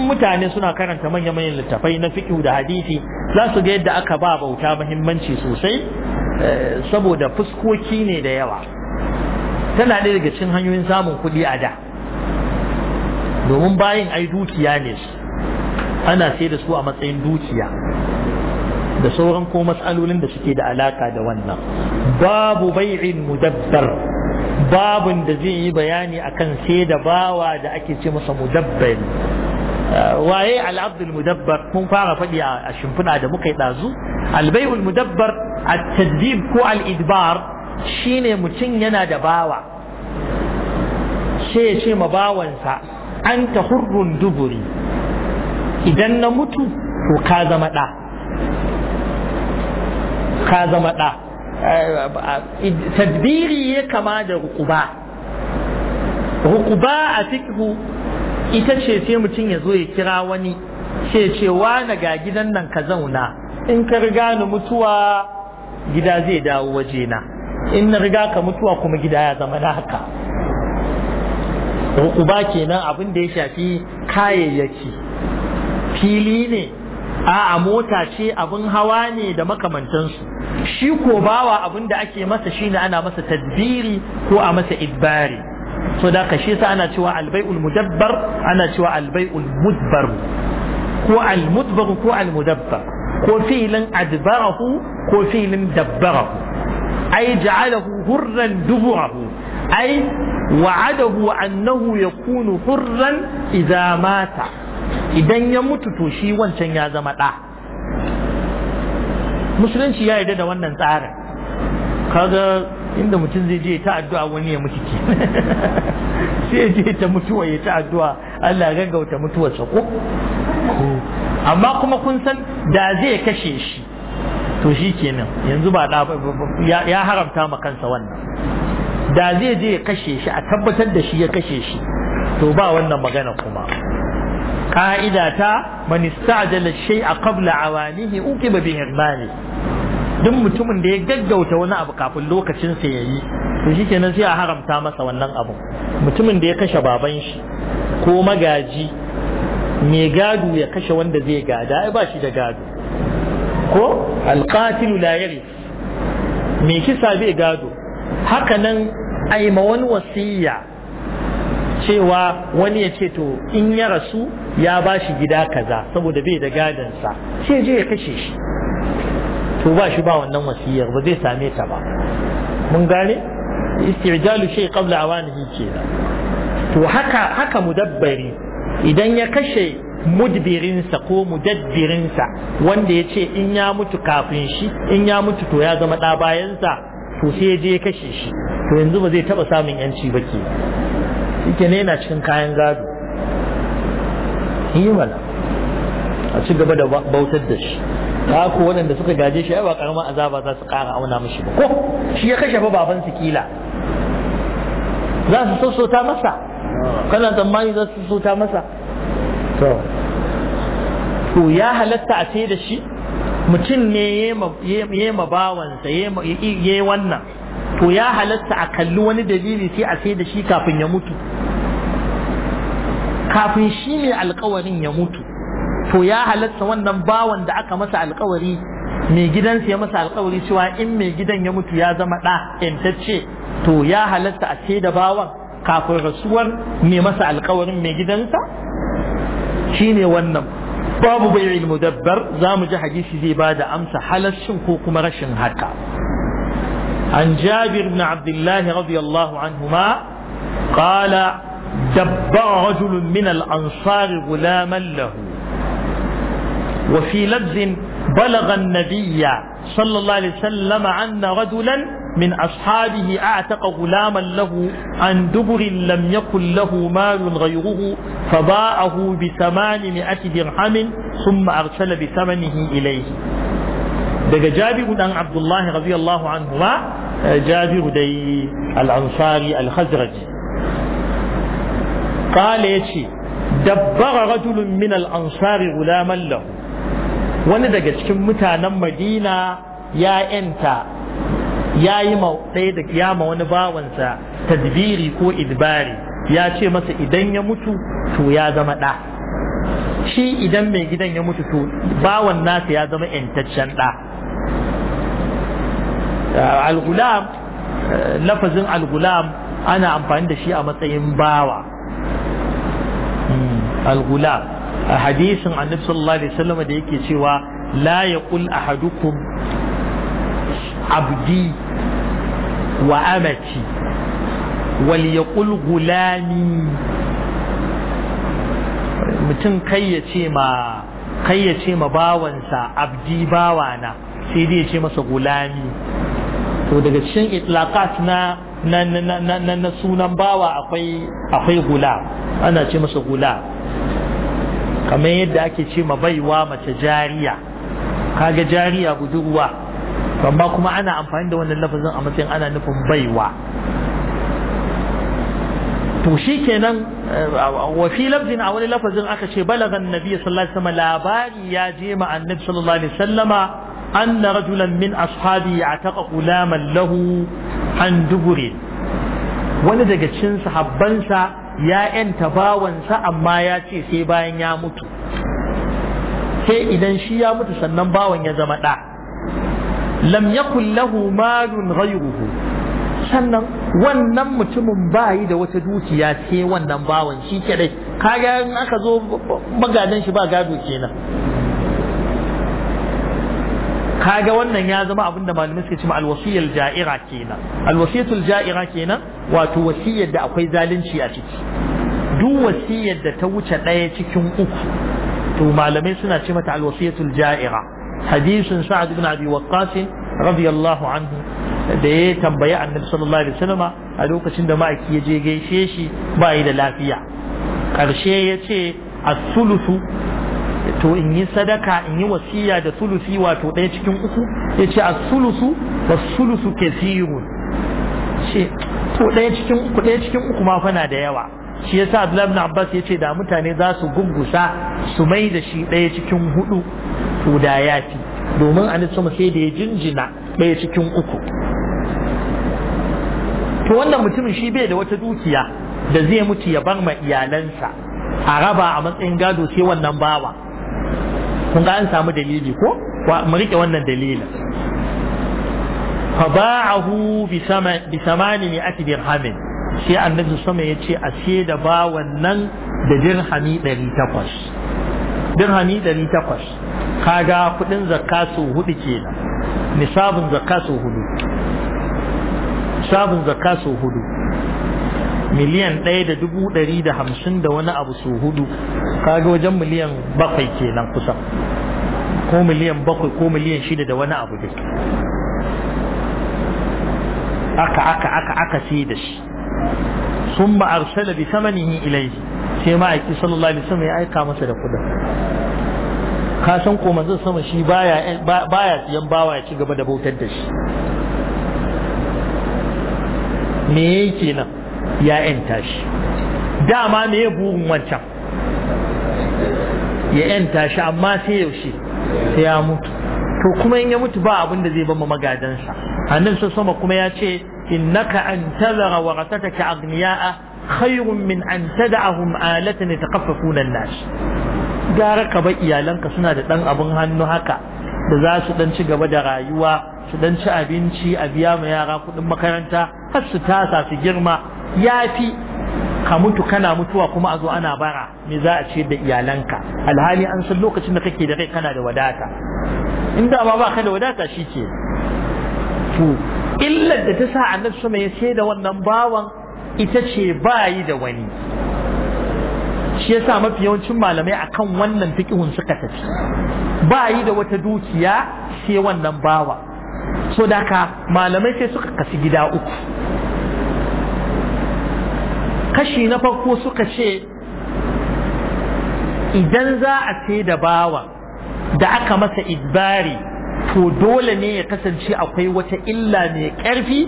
mutane suna karanta manyan manyan littafai na fiqhu da hadisi za su ga yadda aka ba bauta muhimmanci sosai eh, saboda fuskoki ne da yawa tana ɗaya daga cikin hanyoyin samun kuɗi a da domin bayin ai dukiya ne ana sai da su a matsayin dukiya da sauran ko matsalolin da suke da alaka da wannan babu bai'in mudabbar babin da zai yi bayani akan sai da bawa da ake ce masa mudabbari uh, waye al'abdul mudabbar kun fara faɗi a shimfiɗa da muka yi ɗazu albai'ul mudabbar a tadbib ko al-idbar shine mutum yana da bawa sai ya ce ma bawansa an ta hurrun duburi idan na mutu ko ka zama ɗa ka zama ɗa tadbiri ya kama da rukuba rukuba a fikihu ita ce sai mutum ya zo ya kira wani ce ce na ga gidan nan ka zauna in ka riga ni mutuwa gida zai dawo waje na in na riga ka mutuwa kuma gida ya zama na haka rukuba kenan abin da ya shafi kayayyaki fili ne a'a mota ce abin hawa ne da makamantansu shi ko bawa abin da ake masa shine ana masa tadbiri ko a masa idbari so da ka sa ana cewa albai'ul mudabbar ana cewa albai'ul mudbar ko almudbar ko almudabbar ko filin adbarahu ko filin dabbarahu ai ja'alahu hurran duburahu ai wa'adahu annahu yakunu hurran idza mata idan ya mutu to shi wancan ya zama ɗa musulunci ya yarda da wannan tsarin kaga inda mutum zai je ta addu'a wani ya mutu ke [laughs] sai je ta wa ya ta addu'a Allah gaggauta sa ko amma kuma kun san da zai kashe shi to shi kenan yanzu ba ya haramta ma kansa wannan da zai je ya kashe shi a tabbatar da shi ya kashe shi to ba wannan magana kuma ka'ida ta man istajala shay'a qabla awanihi uqiba bi Mali. duk mutumin da ya gaggauta wani abu kafin lokacin sa yayi to shikenan sai a haramta masa wannan abu mutumin da ya kashe baban shi ko magaji mai gado ya kashe wanda zai gada ai ba shi da gado ko alqatil la yari me kisa bai gado haka nan ai ma wani wasiya cewa wani ya ce to in ya rasu ya ba shi gida kaza saboda bai da sa sai je ya kashe shi to ba shi ba wannan wasiyar ba zai same ta ba mun gane istijalu shay qabla awanihi da. to haka haka mudabbari idan ya kashe mudbirinsa ko sa wanda ya ce in ya mutu kafin shi in ya mutu to ya zama ɗa bayansa to sai je ya kashe shi to yanzu ba zai taɓa samun yanci ba ke ne yana cikin kayan gado yi a ci gaba da bautar da shi ta ku waɗanda suka gaje shi ba karamar azaba za su ƙara auna mashi ba ko shi ya kashe fa baban su kila za su sassauta masa kana tsammani za su sassauta masa to ya halatta a ce da shi mutum ne ya ma bawansa ya wannan to ya halatta a kalli wani dalili sai a sai da shi kafin ya mutu kafin shi mai alkawarin ya mutu to ya halatta wannan bawan da aka masa alkawari mai gidansa ya masa alkawari cewa in mai gidan ya mutu ya zama ɗa yantacce to ya halatta a ce da bawan kafin rasuwar mai masa alkawarin mai gidansa shine wannan babu bai'il mudabbar za mu ji hadisi zai ba da amsa halarcin ko kuma rashin haka an jabir abdullahi radiyallahu anhuma qala دبر رجل من الأنصار غلاما له وفي لفظ بلغ النبي صلى الله عليه وسلم أن رجلا من أصحابه أعتق غلاما له عن دبر لم يكن له مال غيره فباعه بثمانمائة درهم ثم أرسل بثمنه إليه daga jabiru dan abdullahi radiyallahu anhu ma jabiru dai al-ansari al-khazraji Bale yace dabbara rajulun min ansari ansar gulaman wani daga cikin mutanen madina ya yanta yi ma ɗaya da kiyama wani bawansa tadbiri ko idbari ya ce masa idan ya mutu to ya zama da shi idan mai gidan ya mutu to bawan nasa ya zama yantaccen ɗa al-gulam lafazin al-gulam ana amfani da shi a matsayin bawa Al'gula a hadisin annabi sallallahu alaihi wasallam da yake cewa la yaqul ahadukum abdi wa amati wal yaqul gulami mutum kai ya ma kai ya ce ma bawansa abdi bawa na sai dai ya ce masa gulami to daga cikin itlaqat na na sunan bawa akwai gula ana ce masa gula kamar yadda ake ce ma baiwa mace jariya kaga jariya budurwa amma kuma ana amfani da wannan lafazin a matsayin ana nufin baiwa to shi kenan eh, wa fi lafzin a wani lafazin aka ce balagan nabi sallallahu alaihi wasallam labari ya je ma annabi sallallahu alaihi wasallama anna rajulan min ashabi ya'taqa gulaman lahu an dubure wani daga cikin sahabbansa ya bawansa amma ya ce sai bayan ya mutu sai idan shi ya mutu sannan bawan ya zama ɗa lam yakun lahu malun ghayruhu sannan wannan mutumin bayi da wata dukiya sai wannan bawan shi kadai kaga in aka zo magadan shi ba gado kenan kaga wannan ya zama abin da malamai suke cewa alwasiyar ja'ira kenan alwasiyatul ja'ira kenan wato wasiyar da akwai zalunci a ciki duk wasiyar da ta wuce ɗaya cikin uku to malamai suna ce mata alwasiyatul ja'ira hadisin sa'ad ibn abi waqqas radiyallahu anhu da ya tambayi annabi sallallahu alaihi wasallam a lokacin da ma'aiki ya je gaishe shi ba yi da lafiya karshe ya ce as-sulusu to in yi sadaka in yi wasiya da sulusi wato ɗaya cikin uku ya ce a sulusu wa sulusu siyu ce to ɗaya cikin uku ɗaya cikin uku ma fana da yawa shi ya sa Abdullahi ibn Abbas ya ce da mutane za su gungusa su mai da shi ɗaya cikin hudu to da ya fi domin a sama sai da ya jinjina ɗaya cikin uku to wannan mutumin shi bai da wata dukiya da zai mutu ya bar ma iyalansa a raba a matsayin gado sai wannan bawa kun ga an samu dalili ko mu rike wannan dalilin faba'ahu bi samani ne ati dirhamin sai annabi sama ya ce a sai da ba wannan da dirhami 800 dirhami 800 kaga kudin zakka su hudu kenan nisabin zakka su hudu nisabin zakka su hudu miliyan ɗaya da dubu ɗari da hamsin da wani abu su hudu kaga wajen miliyan bakwai kenan kusa ko miliyan bakwai ko miliyan shida da wani abu dai aka aka aka aka sai da shi sun ba arsala bi samanihi ilaihi sai ma'aiki sallallahu alaihi wasallam ya aika masa da kudin ka san ko manzo sama shi baya baya siyan bawa ya ci gaba da bautar da shi me yake nan ya yanta shi dama me ya burin wancan ya yanta shi amma sai yaushe sai ya mutu to kuma in ya mutu ba abin da zai bama magadansa annan sun sama kuma ya ce innaka an tazara wa rasataka agniya'a khairun min an tada'ahum alatan yataqaffafuna an-nas gara ka ba iyalanka suna da dan abin hannu haka da za su dan ci gaba da rayuwa su dan ci abinci a biya ma yara kuɗin makaranta har su tasa su girma ya fi ka mutu kana mutuwa kuma a zo ana bara me za a ce da iyalanka alhali an san lokacin da kake da kai kana da wadata inda ma ba ka da wadata shi ke to illar da ta sa annabi sama ya ce da wannan bawan ita ce yi da wani shi yasa mafi yawancin malamai akan wannan fiqhun suka tafi bayi da wata dukiya sai wannan bawa so da ka malamai sai suka kasi gida uku kashi na farko suka ce idan za a sai da bawa da aka masa idbari to dole ne ya kasance akwai wata illa mai ƙarfi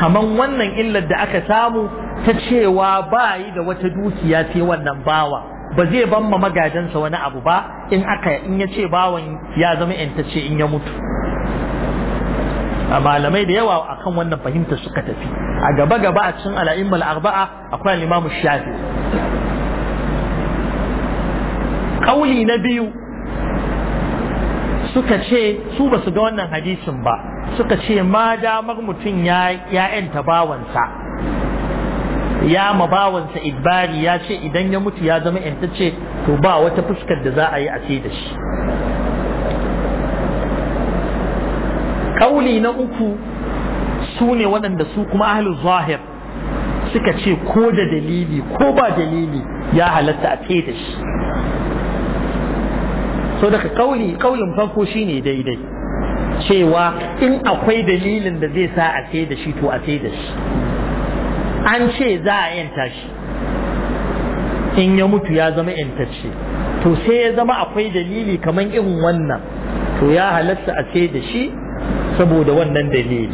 kamar wannan illar da aka samu ta cewa ba yi da wata dukiya sai wannan bawa ba zai ban ma magajansa wani abu ba in aka in ya ce bawan ya zama ce in ya mutu malamai da yawa akan wannan fahimta suka tafi a gaba gaba a cikin ala'immal arba'a akwai al'imam shafi kauli na biyu suka ce su ba su ga wannan hadisin ba suka ce ma damar mutum ya yanta bawansa ya ma bawansa idbari ya ce idan ya mutu ya zama yantacce to ba wata fuskar da za a yi a ce da shi kauli na uku su ne waɗanda su kuma ahlul zahir suka ce ko da dalili ko ba dalili ya halatta a da shi so daga kauli kaulin farko shine daidai cewa in akwai dalilin da zai sa a tsaye da shi to a da shi an ce za a yanta shi in ya mutu ya zama yantacce to sai ya zama akwai dalili kamar irin wannan to ya halatta a da shi saboda wannan dalili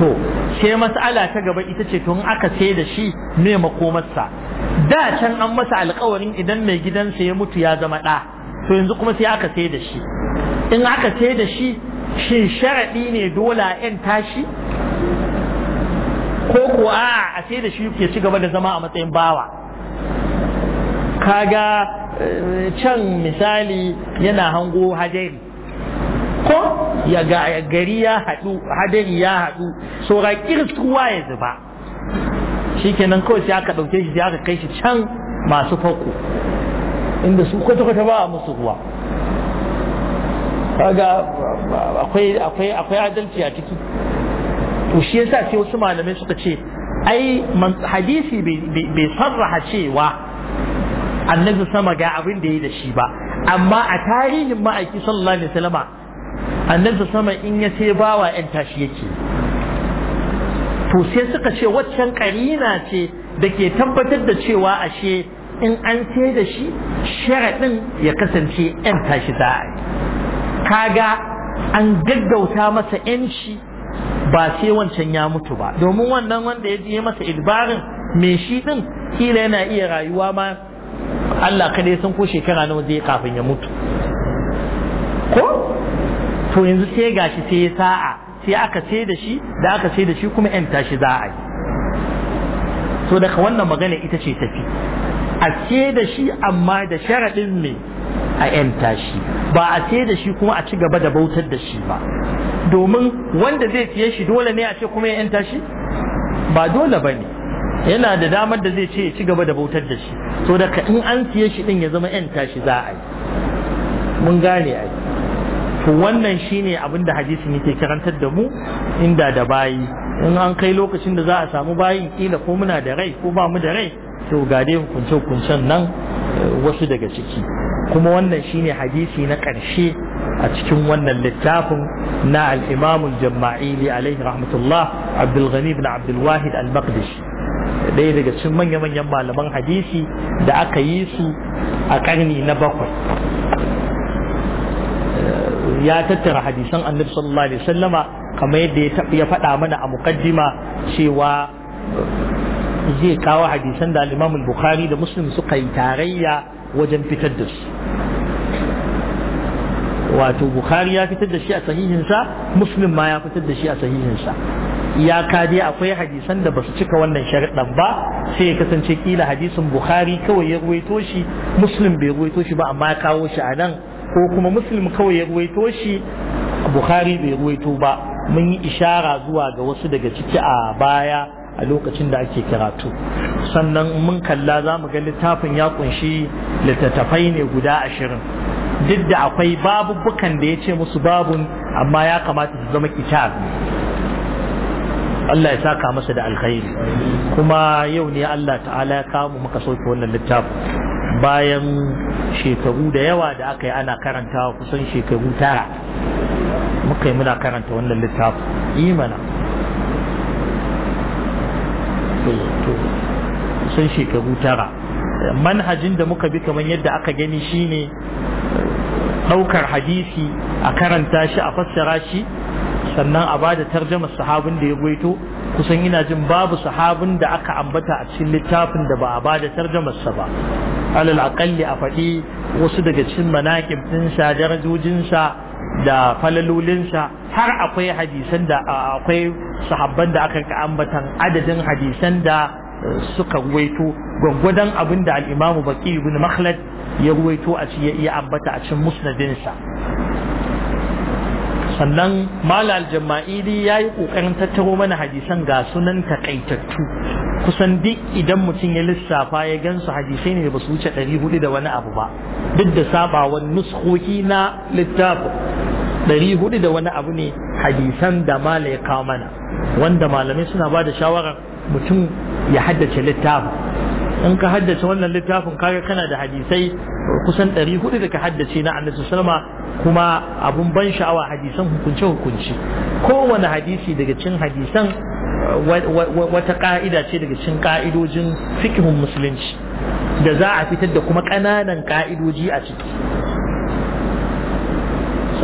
to sai mas'ala ta gaba ita ce tun aka sai da shi ne makomarsa da can an masa alkawarin idan mai gidansa ya mutu ya zama ɗa to yanzu kuma sai aka sai da shi in aka sai da shi shi sharaɗi ne dole yan tashi ko kuwa a a sai da shi ke ci gaba da zama a matsayin bawa kaga eh, can misali yana hango hajeri ya gari ya haɗu hadari ya haɗu saura kiris ruwa ya zuba shikenan kawai sai aka ɗauke shi sai aka kai shi can masu fako inda su kwata-kwata ba a musu ruwa kaga akwai adalci a ciki to shi yasa sai wasu malamai suka ce ai hadisi bai sarraha cewa annabi sama ga abin da ya da shi ba amma a tarihin ma'aiki sallallahu alaihi wasallama annabi sama in ya ce bawa yan tashi yake to sai suka ce waccan karina ce da ke tabbatar da cewa ashe in an sai da shi sharaɗin ya kasance yan tashi za a yi kaga an gaggauta masa yanci ba sai wancan ya mutu ba domin wannan wanda ya je masa idbarin mai shi ɗin kila yana iya rayuwa ma Allah kada ya san ko shekara nawa zai kafin ya mutu ko to yanzu sai gashi sai ya sa'a sai aka sai da shi da aka sai da shi kuma yan tashi za a yi so daga wannan magana ita ce tafi a sai da shi amma da sharaɗin me a yan tashi ba a sai da shi kuma a ci gaba da bautar da shi ba domin wanda zai siye shi dole ne a ce kuma ya yan tashi ba dole ba ne yana da damar da zai ce ya ci gaba da bautar da shi so daga in an siye shi din ya zama yan tashi za a yi mun gane a yi wannan shine abin da hadisin ke karantar da mu inda da bayi in an kai lokacin da za a samu bayin kila ko muna da rai ko ba mu da rai to ga dai hukunce hukuncen nan eh, wasu daga ciki kuma wannan shine hadisi na ƙarshe a cikin wannan littafin na al'imamin jamaili alaihi rahmatullah Abdul Ghani ibn Abdul Wahid al-Maqdisi ɗaya daga cikin manya-manyan malaman hadisi da aka yi su a ƙarni na bakwai ya tattara hadisan annabi sallallahu alaihi wasallama kamar yadda ya faɗa mana a muqaddima cewa eh, zai kawo hadisan da al-Imam al-Bukhari da Muslim suka yi tarayya wajen fitar da su wato Bukhari ya fitar da shi a sahihinsa Muslim ma ya fitar da shi a sahihinsa ya kade akwai hadisan da basu cika wannan sharuɗan ba sai ya kasance kila hadisin Bukhari kawai ya ruwaito shi Muslim bai ruwaito shi ba amma ya kawo shi a nan ko kuma musulmi kawai ya ruwaito shi bukhari bai ruwaito ba mun yi ishara zuwa ga wasu daga ciki a baya a lokacin da ake karatu sannan mun kalla za mu ga littafin ya kunshi littattafai ne guda ashirin duk da akwai babubukan da ya ce musu babun amma ya kamata su zama kitab Allah ya saka masa da alkhairi kuma yau ne Allah ta'ala ya kawo muka sauke wannan littafin bayan shekaru da yawa da aka yi ana karantawa kusan shekaru tara muka yi muna karanta wannan littafin imana kusan shekaru tara manhajin da muka bi kamar yadda aka gani shine eh, ɗaukar hadisi a karanta shi a fassara shi sannan a ba da tarjama sahabin da ya gwaito kusan ina jin babu sahabin da aka ambata a cikin littafin da ba a ba da tarjamarsa ba alal aƙalli a faɗi wasu daga cikin manaƙib ɗinsa darajojinsa da falalolinsa har akwai hadisan da akwai sahabban da aka ambatan adadin hadisan da eh, suka ruwaito gwaggwadon abin da al'imamu baki ibn makhlad ya ruwaito a ya ambata a cikin musnadinsa sannan malal jama'ili ya yi ƙoƙarin tattaro mana hadisan ga sunan takaitattu kusan duk idan mutum ya lissafa ya gansu hadisai ne ba su wuce ɗari hudu da wani abu ba duk da sabawan nuskoki na littafi ɗari hudu da wani abu ne hadisan da malai kawo mana wanda malamai suna ba da shawarar mutum ya haddace littafi in ka haddace wannan littafin kaga kana da hadisai kusan 400 da ka haddace na annabi sallama kuma abun ban sha'awa hadisan hukunce hukunci kowane hadisi daga cikin hadisan wata ka'ida ce daga cikin ka'idojin fiqhun musulunci da za a fitar da kuma ƙananan ka'idoji a ciki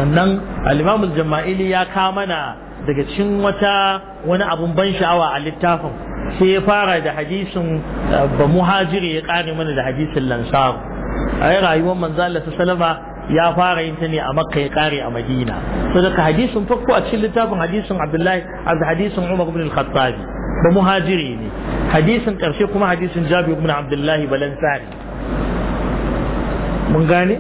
sannan al-imamul jama'ili ya kamana daga cikin wata wani abun ban sha'awa a littafin sai ya fara da hadisin eh, ba muhajiri ya kare mana da hadisin lansar ai rayuwar manzo Allah ya fara yin ta ne a makka ya kare a madina daga hadisin farko a cikin littafin hadisin abdullahi az hadisin umar ibn al ba muhajiri ne hadisin karshe kuma hadisin jabir ibn abdullahi balansari mun gane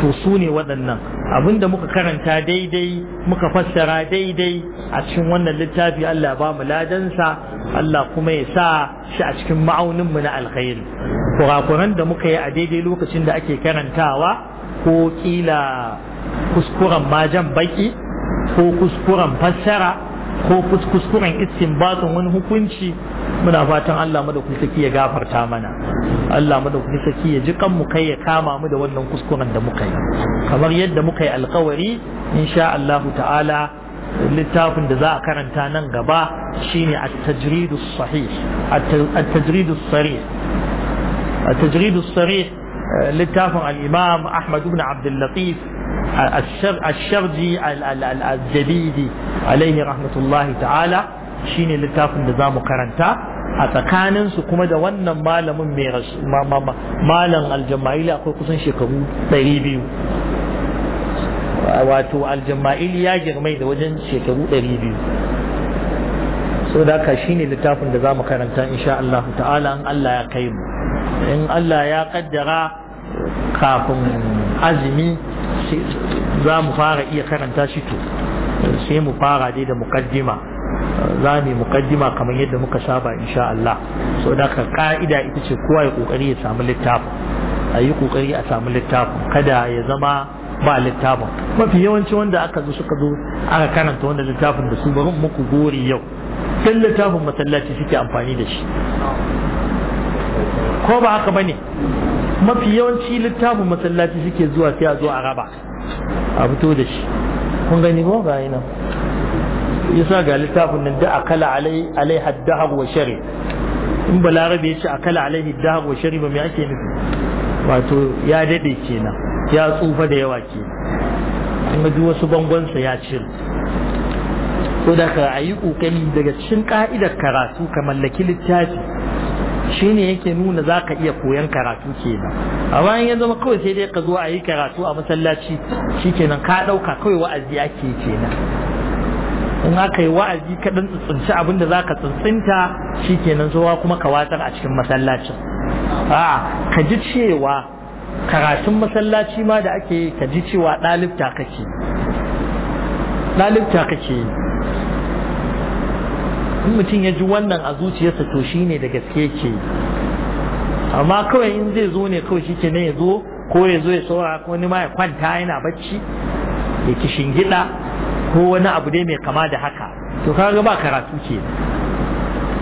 to su ne waɗannan abinda muka karanta daidai muka fassara daidai a cikin wannan littafi Allah ba mu ladansa Allah kuma ya sa shi a cikin ma'auninmu na alkhairi kurakuran da muka yi a daidai lokacin da ake karantawa ko kila kuskuren majan baki ko kuskuren fassara ko kuskuren istinbatun wani hukunci muna fatan Allah madaukakin saki ya gafarta mana Allah madaukakin saki ya ji kanmu kai ya kama mu da wannan kuskuren da muka yi kamar yadda muka yi alkawari insha Allah ta'ala littafin da za a karanta nan gaba shine at-tajridu sahih at-tajridu sarih at sarih littafin al-imam Ahmad ibn Abdul Latif الشرجي الجديد عليه رحمة الله تعالى shine littafin da za mu karanta a tsakaninsu kuma da wannan malamin mai malam aljama'ili akwai kusan shekaru 200 wato aljama'ili ya girmai da wajen shekaru 200 so da ka shi ne littafin da za mu karanta insha Allah ta'ala in Allah ya kai mu in Allah ya kaddara kafin azumi za mu fara iya karanta shi to sai mu fara dai da ƙaddima. za mu mukaddima kamar yadda muka saba insha Allah so da ka ka'ida ita ce kowa ya kokari ya samu littafin a yi kokari a samu littafin kada ya zama ba littafin mafi yawanci wanda aka zo suka zo aka karanta wanda littafin da su bari muku gori yau dan littafin masallaci suke amfani da shi ko ba haka bane mafi yawanci littafin masallaci suke zuwa sai a zo a raba a fito da shi kun gani ko ga nan yasa ga littafin nan da akala alai alai haddahar wa shari in balarabe ya ce akala alai haddahar wa shari ba me ake nufi wato ya dade kenan ya tsufa da yawa ke kuma duk wasu bangonsa ya cire ko da ka ayi kokari daga cikin ka'idar karatu ka mallaki littafi shine yake nuna za ka iya koyan karatu kenan a bayan ya zama kawai sai dai ka zo a yi karatu a masallaci shi shikenan ka ɗauka kawai wa'azi ake kenan in aka yi wa'azi ka dan tsuntsunci abin da zaka tsintsinta shikenan zuwa kuma ka watsar a cikin masallacin a'a ka ji cewa karatun masallaci ma da ake ka ji cewa ɗalibta kake ɗalibta kake in mutum ya ji wannan a zuciyarsa to shi da gaske ke amma kawai in zai zo ne kawai shi ya zo ko ya zo ya saura ko ni ma ya kwanta yana bacci ya kishin gida ko wani abu ne mai kama da haka to kaga ba karatu ce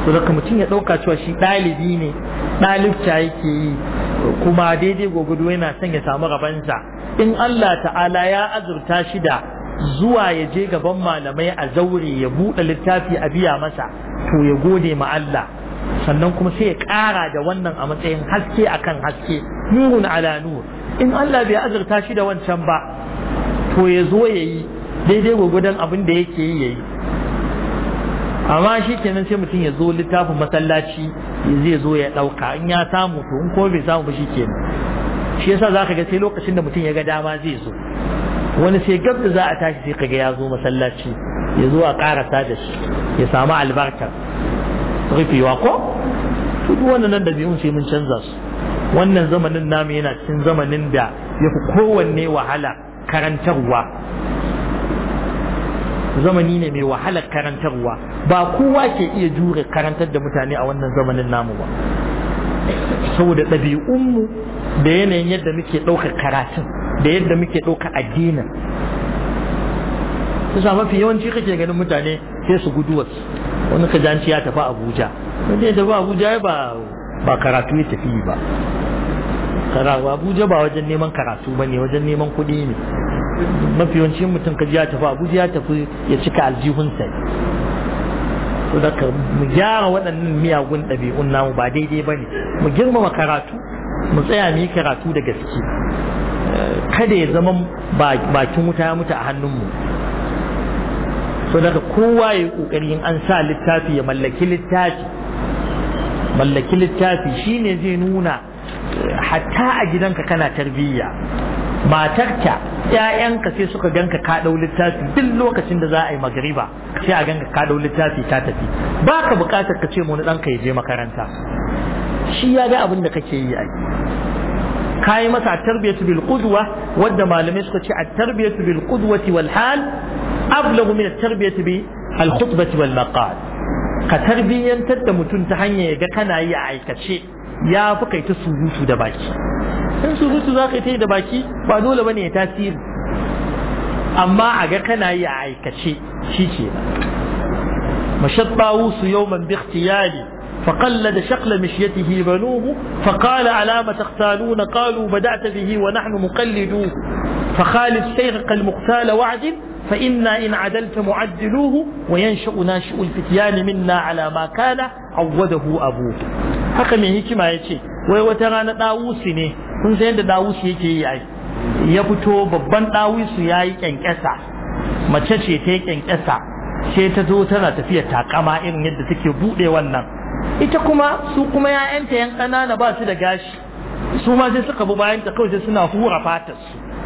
to daga mutum ya ɗauka cewa shi dalibi ne dalibta yake yi kuma daidai gogudu yana son ya samu rabansa in Allah ta'ala ya azurta shi da zuwa ya je gaban malamai a zaure ya buɗe littafi a biya masa to ya gode ma Allah sannan kuma sai ya ƙara da wannan a matsayin haske akan haske nurun ala nur in Allah bai azurta shi da wancan ba to ya zo ya yi daidai gwagwadon abin da yake yi yayi amma shi kenan sai mutum ya zo littafin masallaci zai zo ya ɗauka in ya samu to in ko bai samu ba shi kenan shi yasa za ka ga sai lokacin da mutum ya ga dama zai zo wani sai gab da za a tashi sai kaga ya zo masallaci ya zo a karasa da shi ya samu albarkar rufewa ko to duk wannan dabi'un sai mun canza su wannan zamanin namu yana cikin zamanin da ya fi kowanne wahala karantarwa zamani ne mai wahalar karantarwa ba kowa ke iya jure karantar da mutane a wannan zamanin namu ba saboda ɗabi'unmu da yanayin yadda muke ɗaukar karatun da yadda muke ɗaukar addinin kusa mafi yawanci kake ganin mutane sai su guduwarsu wani kajanci ya tafi abuja wanda ya tafi abuja ya ba ba karatu ya tafi ba karatu abuja ba wajen neman karatu ba ne wajen neman kuɗi ne mafi yawancin mutum ka ya tafi abuja ya tafi ya cika aljihunsa to daga mu gyara waɗannan miyagun ɗabi'un namu ba daidai ba ne mu girmama karatu mu tsaya mu yi karatu da gaske kada ya zama bakin wuta ya mutu a hannunmu so daga kowa ya yi ƙoƙari in an sa littafi ya mallaki littafi mallaki littafi shine zai nuna eh, hatta a gidanka kana tarbiyya matarka ƴaƴanka sai suka ganka ka dau littafi duk lokacin da za a yi magariba sai a ganka ka dau littafi ta tafi baka bukatar ka ce mu wani ɗanka ya je makaranta shi ya ga abin da kake yi ai ka yi masa tarbiyatu bil qudwa wadda malamai suka ce at-tarbiyatu bil qudwati wal hal ablagu min at-tarbiyatu bi al khutbati wal maqal ka tarbiyyantar da mutum ta hanya ya ga kana yi a aikace ya fi kai ta surutu da baki in surutu za ka yi da baki ba dole bane ya tasiri amma a ga kana yi a aikace shi ke mashaɓawu su yau man bi ikhtiyari ala ma taqtaluna qalu bada'ta bihi wa nahnu muqallidu fa به ونحن مقلدوه muqtal wa'd fa inna in إن mu'addiluhu wa وينشأ ناشئ الفتيان minna ala ma kana awwadahu abu haka mai hikima yace wai wata rana dawusi ne kun san da dawusu yake yi ai ya fito babban dawusu ya yi kyankyasa mace ce ta yi kyankyasa sai ta zo tana tafiya takama irin yadda take buɗe wannan ita kuma su kuma ya'yanta yan ƙanana ba su da gashi su ma sai suka bi bayan ta kawai sai suna hura fatar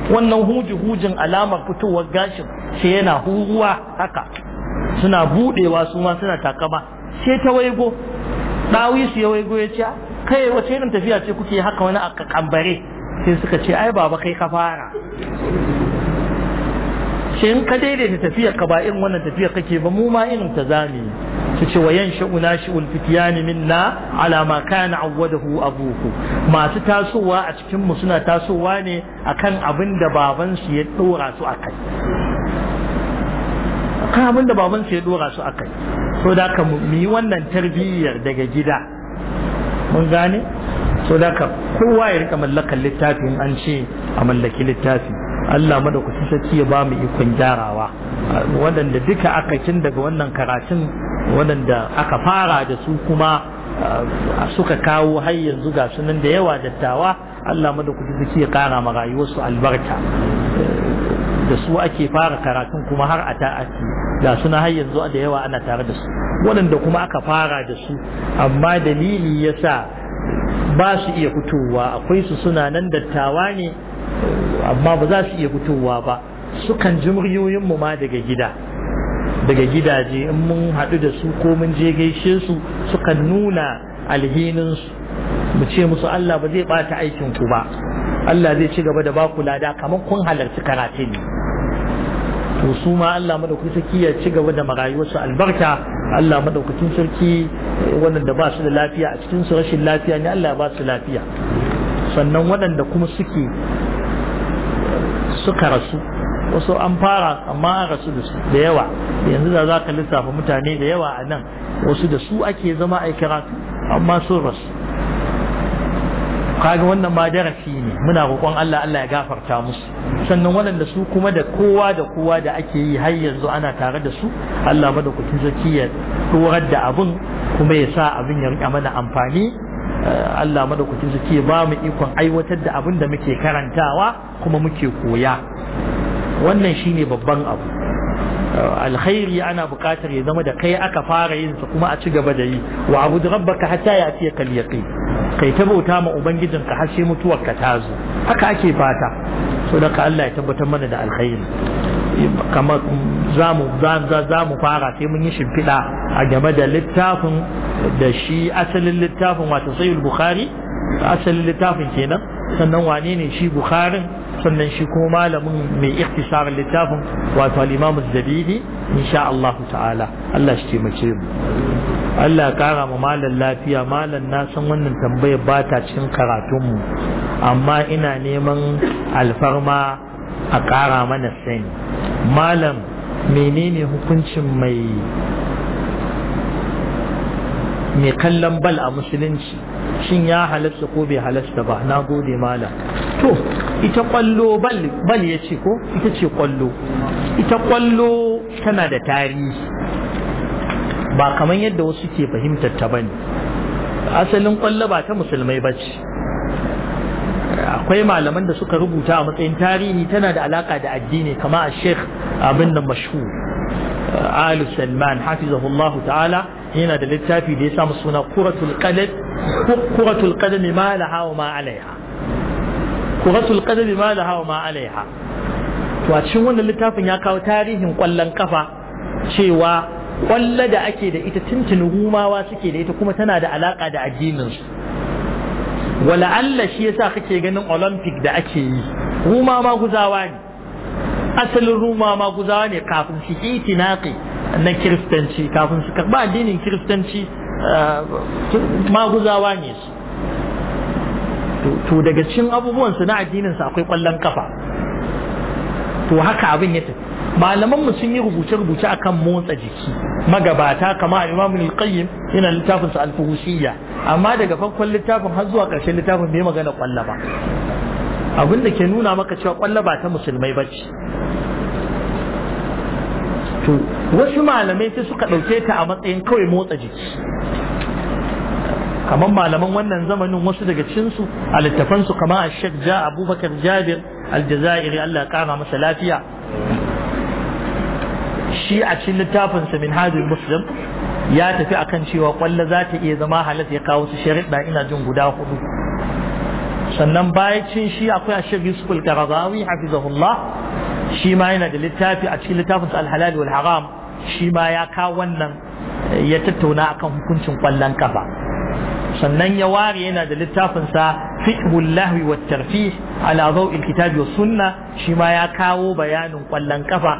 su wannan huji hujin alamar fitowar gashin sai yana huruwa haka suna buɗewa su ma suna takama sai ta waigo dawisu ya waigo ya ce kai wace irin tafiya ce kuke haka wani a kambare sai suka ce ai baba kai ka fara shi in ka daidaita tafiyar ka ba irin wannan tafiyar kake ba mu ma irin ta zame su ce wa yan sha'una shi'ul fitiyani minna ala ma kana awwadahu abuhu masu tasowa a cikin mu suna tasowa ne akan abin da baban su ya dora su akai akan abin da baban su ya dora su akai so da ka mu yi wannan tarbiyyar daga gida mun gane so da ka kowa ya rika mallakar littafin an ce a mallaki littafi Allah ku sarki ya ba mu ikon gyarawa waɗanda duka aka kin daga wannan karatun waɗanda aka fara da su kuma suka kawo har yanzu ga sunan da yawa dattawa Allah ku sarki ya kara ma rayuwarsu albarka da su ake fara karatun kuma har a ta da suna har yanzu da yawa ana tare da su waɗanda kuma aka fara da su amma dalili ya sa ba su iya fitowa akwai su suna nan dattawa ne amma ba za su iya fitowa ba sukan ji muryoyinmu ma daga gida daga gidaje in mun haɗu da su ko mun je gaishe su sukan nuna alhininsu mu ce musu Allah ba zai ɓata aikinku ba Allah zai ci gaba da ba baku lada kamar kun halarci karatu ne to su ma Allah madaukakin sarki ya ci gaba da marayuwarsu albarka Allah madaukakin sarki eh, waɗanda ba su da lafiya a cikin su rashin lafiya ne Allah ba su lafiya sannan waɗanda kuma suke suka rasu wasu an fara amma an rasu da su da yawa yanzu da za ka lissafa mutane da yawa a nan wasu da su ake zama aikira amma sun rasu kaga wannan ma darasi ne muna roƙon Allah Allah ya gafarta musu sannan waɗanda su kuma da kowa da kowa da ake yi har yanzu ana tare da su Allah ku sarki ya tsorar da abun kuma ya sa abin ya rika mana amfani eh, Allah ku sarki ya ba mu ikon aiwatar da abin da muke karantawa kuma muke koya wannan shine babban abu alkhairi ana bukatar ya zama da kai aka fara yin sa kuma a ci gaba da yi wa abu rabbaka hatta ya fiye kal yaqin kai ta bauta ma ubangijinka har sai mutuwar ka ta zo haka ake fata so da ka Allah ya tabbatar mana da alkhairi kamar za mu fara sai mun yi shimfiɗa a game da littafin da shi asalin littafin wato sayyid bukhari asalin littafin kenan sannan wane ne shi bukharin sannan shi kuma malamin mai ikhtisarin littafin wato al-imam zabidi insha Allah ta'ala Allah shi taimake mu Allah kara mu malan lafiya malan na san wannan tambayar ba ta cikin karatun mu amma ina neman alfarma a kara mana sani malam menene hukuncin mai mai kallon bal a musulunci shin ya halasta ko bai halasta ba na gode malam to ita kwallo bal ya ce ko ita ce kwallo ita kwallo tana da tarihi ba kamar yadda wasu ke fahimtar ta bane asalin kwallo ba ta musulmai ba ce akwai malaman da suka rubuta a matsayin tarihi tana da alaka da addini kama a sheikh abin da mashu ali salman hafizahullahu ta'ala yana da littafi da ya samu suna kuratul qadam kuratul qadam ma laha wa ma alaiha kuratul ma laha wa ma alaiha to a cikin wannan littafin ya kawo tarihin kwallon kafa cewa kwalla da ake da ita tuntuni rumawa suke da ita kuma tana da alaka da addinin su Allah shi yasa kake ganin olympic da ake yi ruma ma guzawa ne asalin rumawa ma guzawa ne kafin su itinaqi na kiristanci kafin su karɓi addinin kiristanci eh, maguzawa ne su to daga cikin abubuwansu na addininsu akwai ƙwallon kafa to haka abin ya tafi malaman mu sun yi rubuce-rubuce akan motsa jiki magabata kama imam al-qayyim yana littafin sa al-fuhusiyya amma daga farkon littafin har zuwa karshen littafin bai magana kwalla abin da ke nuna maka cewa kwalla ta musulmai bace to wasu malamai sai suka ɗauke ta a matsayin kawai motsa jiki kamar malaman wannan zamanin wasu daga cinsu a littafansu kama a shek ja abubakar jabir aljazairi allah ya kara masa lafiya shi a cikin littafinsa min hajjul muslim ya tafi akan cewa kwalla za ta iya zama halatta ya kawo su sharaɗa ina jin guda hudu sannan bayan cin shi akwai a shek yusuf al-karazawi hafizahullah shi ma yana da littafi a cikin littafinsa alhalal halal wal haram shi ma ya kawo wannan ya tattauna akan hukuncin kwallon kafa sannan ya ware yana da littafinsa sa fiqhul lahwi wat tarfih ala daw'il kitabi wa sunna shi ma ya kawo bayanin kwallon kafa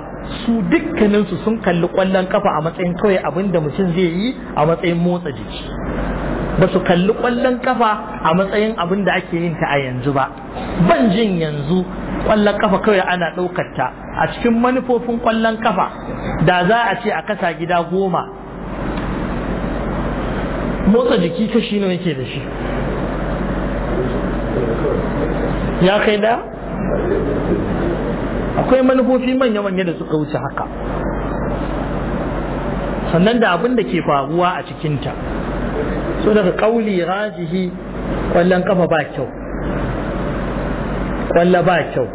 su dukkanin su sun kalli kwallon kafa a matsayin kawai abinda mutum zai yi a matsayin motsa jiki ba su kalli kwallon kafa a matsayin abin da ake yin ta a yanzu ba ban jin yanzu kwallon kafa kawai ana ɗaukar ta a cikin manufofin ƙwallon kafa da za a ce a kasa gida goma motsa jiki kashi ne yake da shi ya kai da akwai manufofi manya-manya da suka wuce haka sannan da abin da ke faruwa a cikinta so daga ƙauli rajihi ƙwallon kafa ba kyau kwalla ba kyau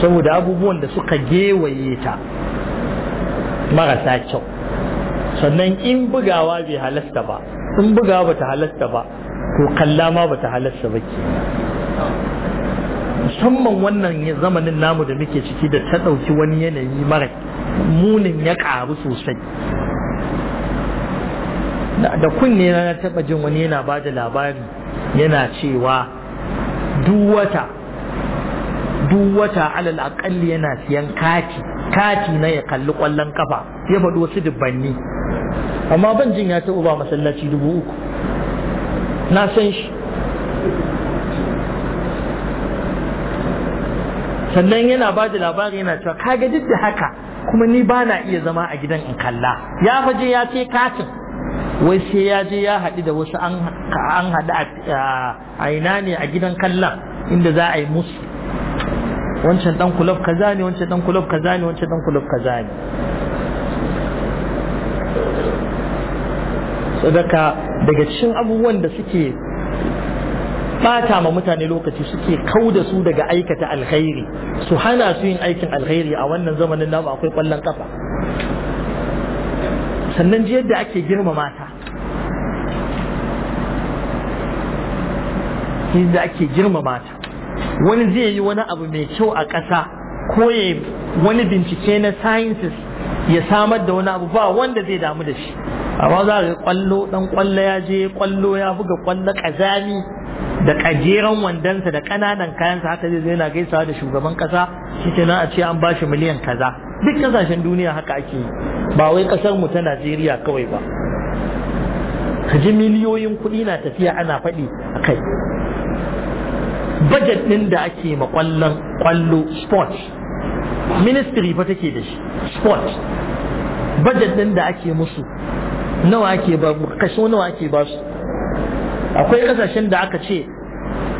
saboda abubuwan da suka gewaye ta marasa kyau sannan in bugawa bai halasta ba in bugawa bata halasta ba to kalla ma bata halasta ba ke musamman wannan zamanin namu da muke ciki da ta ɗauki wani yanayi mara munin ya ƙaru sosai da kunne na taɓa jin wani yana bada da labari yana cewa Duwata wata alal aƙalli yana siyan kati kati na ya kalli ƙwallon kafa ya faɗi wasu dubanni amma ban jin ya taɓa ba masallaci dubu uku na san shi sannan yana ba da labari yana cewa kaga duk da haka kuma ni ba na iya zama a gidan in kalla ya faje ya ce katin wai sai ya je ya haɗu da wasu an haɗu a ina ne a gidan kallon inda za a yi musu wancan dan kulob kaza ne wancan dan kulob kaza ne wancan dan kulob kaza ne sadaka daga cikin abubuwan da suke bata ma mutane lokaci suke kau da su daga aikata alkhairi su hana su yin aikin alkhairi a wannan zamanin namu akwai kwallon kafa sannan ji yadda ake girmama ta yadda ake girmama ta wani zai yi wani abu mai kyau a ƙasa ko wani bincike na sciences ya samar da wani abu ba wanda zai damu da shi amma za ga kwallo dan kwallo ya je kwallo ya buga kwallo kazami da kajeran wandonsa da kananan kayansa haka zai zai na gaisawa da shugaban kasa shi a ce an bashi miliyan kaza duk kasashen duniya haka ake yi ba wai kasar mu ta Najeriya kawai ba ka ji miliyoyin kuɗi na tafiya ana faɗi a kai budget ɗin da ake ma ƙwallon ƙwallo sports ministry fa take da shi sports budget ɗin da ake musu nawa ake ba nawa ake ba su akwai ƙasashen da aka ce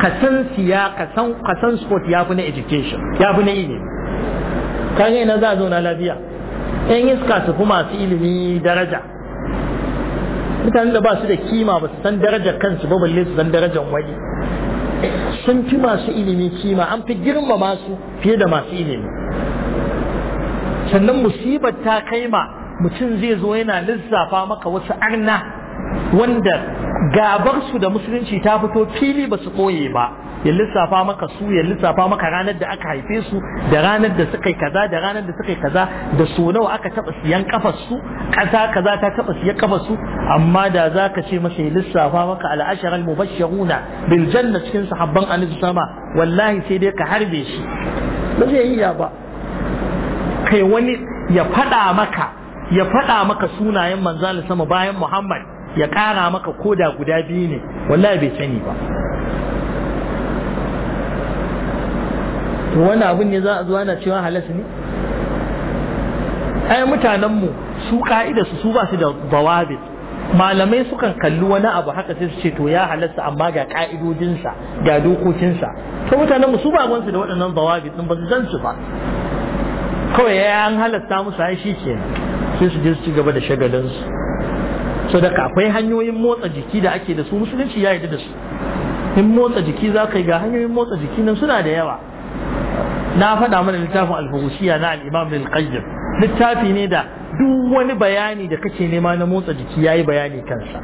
kasan siya kasan sport ya fi na education ya fi na ilimi kaga ina za a zauna lafiya yan iska su fi masu ilimi daraja mutanen da ba su da kima ba su san darajar kansu ba balle su san darajar wani sun fi masu ilimi kima an fi girmama su fiye da masu ilimi sannan musibar ta kai ma mutum zai zo yana lissafa maka wasu arna wanda gabarsu da musulunci ta fito fili ba su koye ba ya lissafa maka su ya lissafa maka ranar da aka haife su da ranar da suka yi kaza da ranar da suka yi kaza da su nawa aka taba siyan kafar su kasa kaza ta taba siyan kafar su amma da ka ce masa ya lissafa maka al'ashar al-mubashshiruna bil janna cikin sahabban annabi sama wallahi sai dai ka harbe shi ba zai yi ba kai wani ya faɗa maka ya faɗa maka sunayen manzalin sama bayan Muhammad ya ƙara maka koda guda biyu ne wallahi bai sani ba to wani abin ne za a zo ana cewa halas ne ai mutanenmu su ka'ida su su ba su da bawabi malamai sukan kalli wani abu haka sai su ce to ya halasta amma ga ka'idodinsa ga dokokinsa to mutanenmu su ba su da waɗannan bawabi din ba su san su ba kawai ya an halasta musu ai shi ke sai su je su ci gaba da shagalinsu so da akwai hanyoyin motsa jiki da ake da su musulunci ya yarda da su in motsa jiki za ka ga hanyoyin motsa jiki nan suna da yawa لا فدا من لتاف الفوشية نا الإمام ابن القيم لتافي نيدا دو وان بياني ده كشي نما نموت أجي كياي بياني كنسا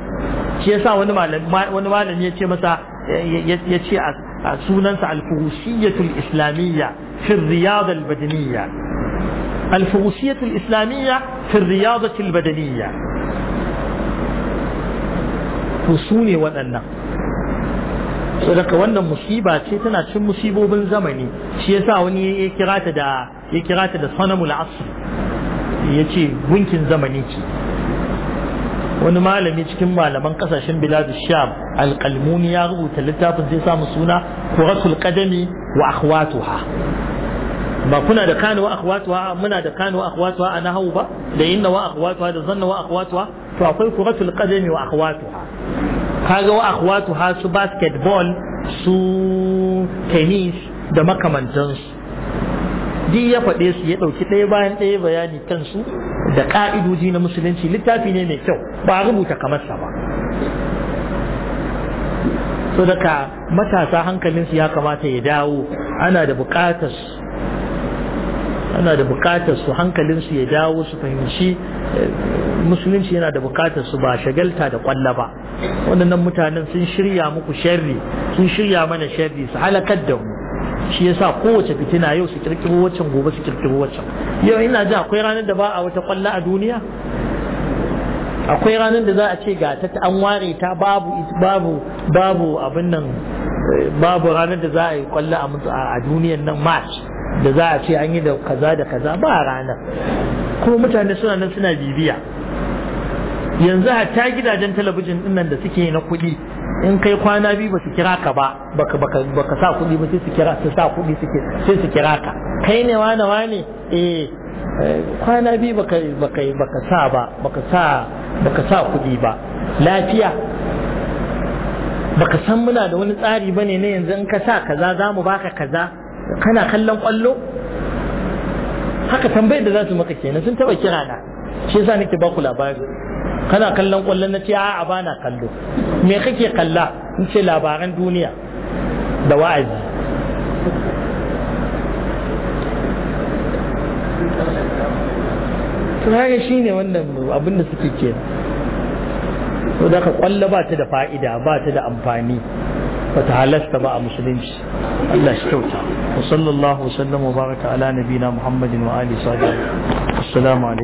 كيسا وان ما وان ما لم يتي مسا يتي سونان الفوشية الإسلامية في الرياضة البدنية الفوشية الإسلامية في الرياضة البدنية فسوني وان so daga wannan musiba ce tana cin musibobin zamani shi yasa wani ya sa wani da ya kira ta da sanamul ya ce gunkin zamani ce wani malami cikin malaman kasashen biladu sham alƙalmuni ya rubuta littafin zai samu suna kuratul qadami wa akhwatuha ba kuna da kano wa akhwatuha muna da kano akhwatuha a nahawu ba da inna wa akhwatuha da zanna wa akhwatuha to akwai kuratul kadami wa akhwatuha kaga wa akhwatu ha su basketball su tennis da makamantansu duk ya faɗe su ya ɗauki ɗaya bayan ɗaya bayani kansu da ƙa'idoji na musulunci littafi ne mai kyau ba rubuta kamar sa ba so daga matasa hankalinsu ya kamata ya dawo ana da buƙatar ana da bukatar su hankalin su ya dawo su fahimci eh, musulunci yana da bukatar su ba shagalta da kwalla ba waɗannan mutanen sun shirya muku sharri sun shirya mana sharri su halakar da mu shi yasa kowace fitina yau su kirkiro waccan gobe su kirkiro waccan yau ina ji akwai ranar da ba a wata kwalla a duniya akwai ranar da za a ce ga ta an ware ta babu babu babu abin nan eh, babu ranar da za a yi kwalla a duniyan nan march da za a ce an yi da kaza da kaza ba ranar kuma mutane suna nan suna bibiya yanzu hatta gidajen talabijin din nan da suke na kuɗi in kai kwana biyu ba su kira ka ba ba ka sa kuɗi ba sai su kira su sa kuɗi suke sai su kira ka kai ne wane wane eh kwana biyu ka ba ka sa ba ka sa baka sa kuɗi ba lafiya ka san muna da wani tsari ba ne na yanzu in ka sa kaza za mu baka kaza kana kallon kwallo haka tambayar da za su maka kenan sun taba kira na shi yasa nake ba ku labari kana kallon kwallo na ce a'a bana kallo me kake kalla in ce labaran duniya da wa'azi to shi ne wannan abin da suke kenan to da ka kwallo ba ta da fa'ida ba ta da amfani bata halasta ba a musulunci Allah shi kyauta wa sallallahu wasallam wa baraka ala nabina muhammadin wa ali sadiq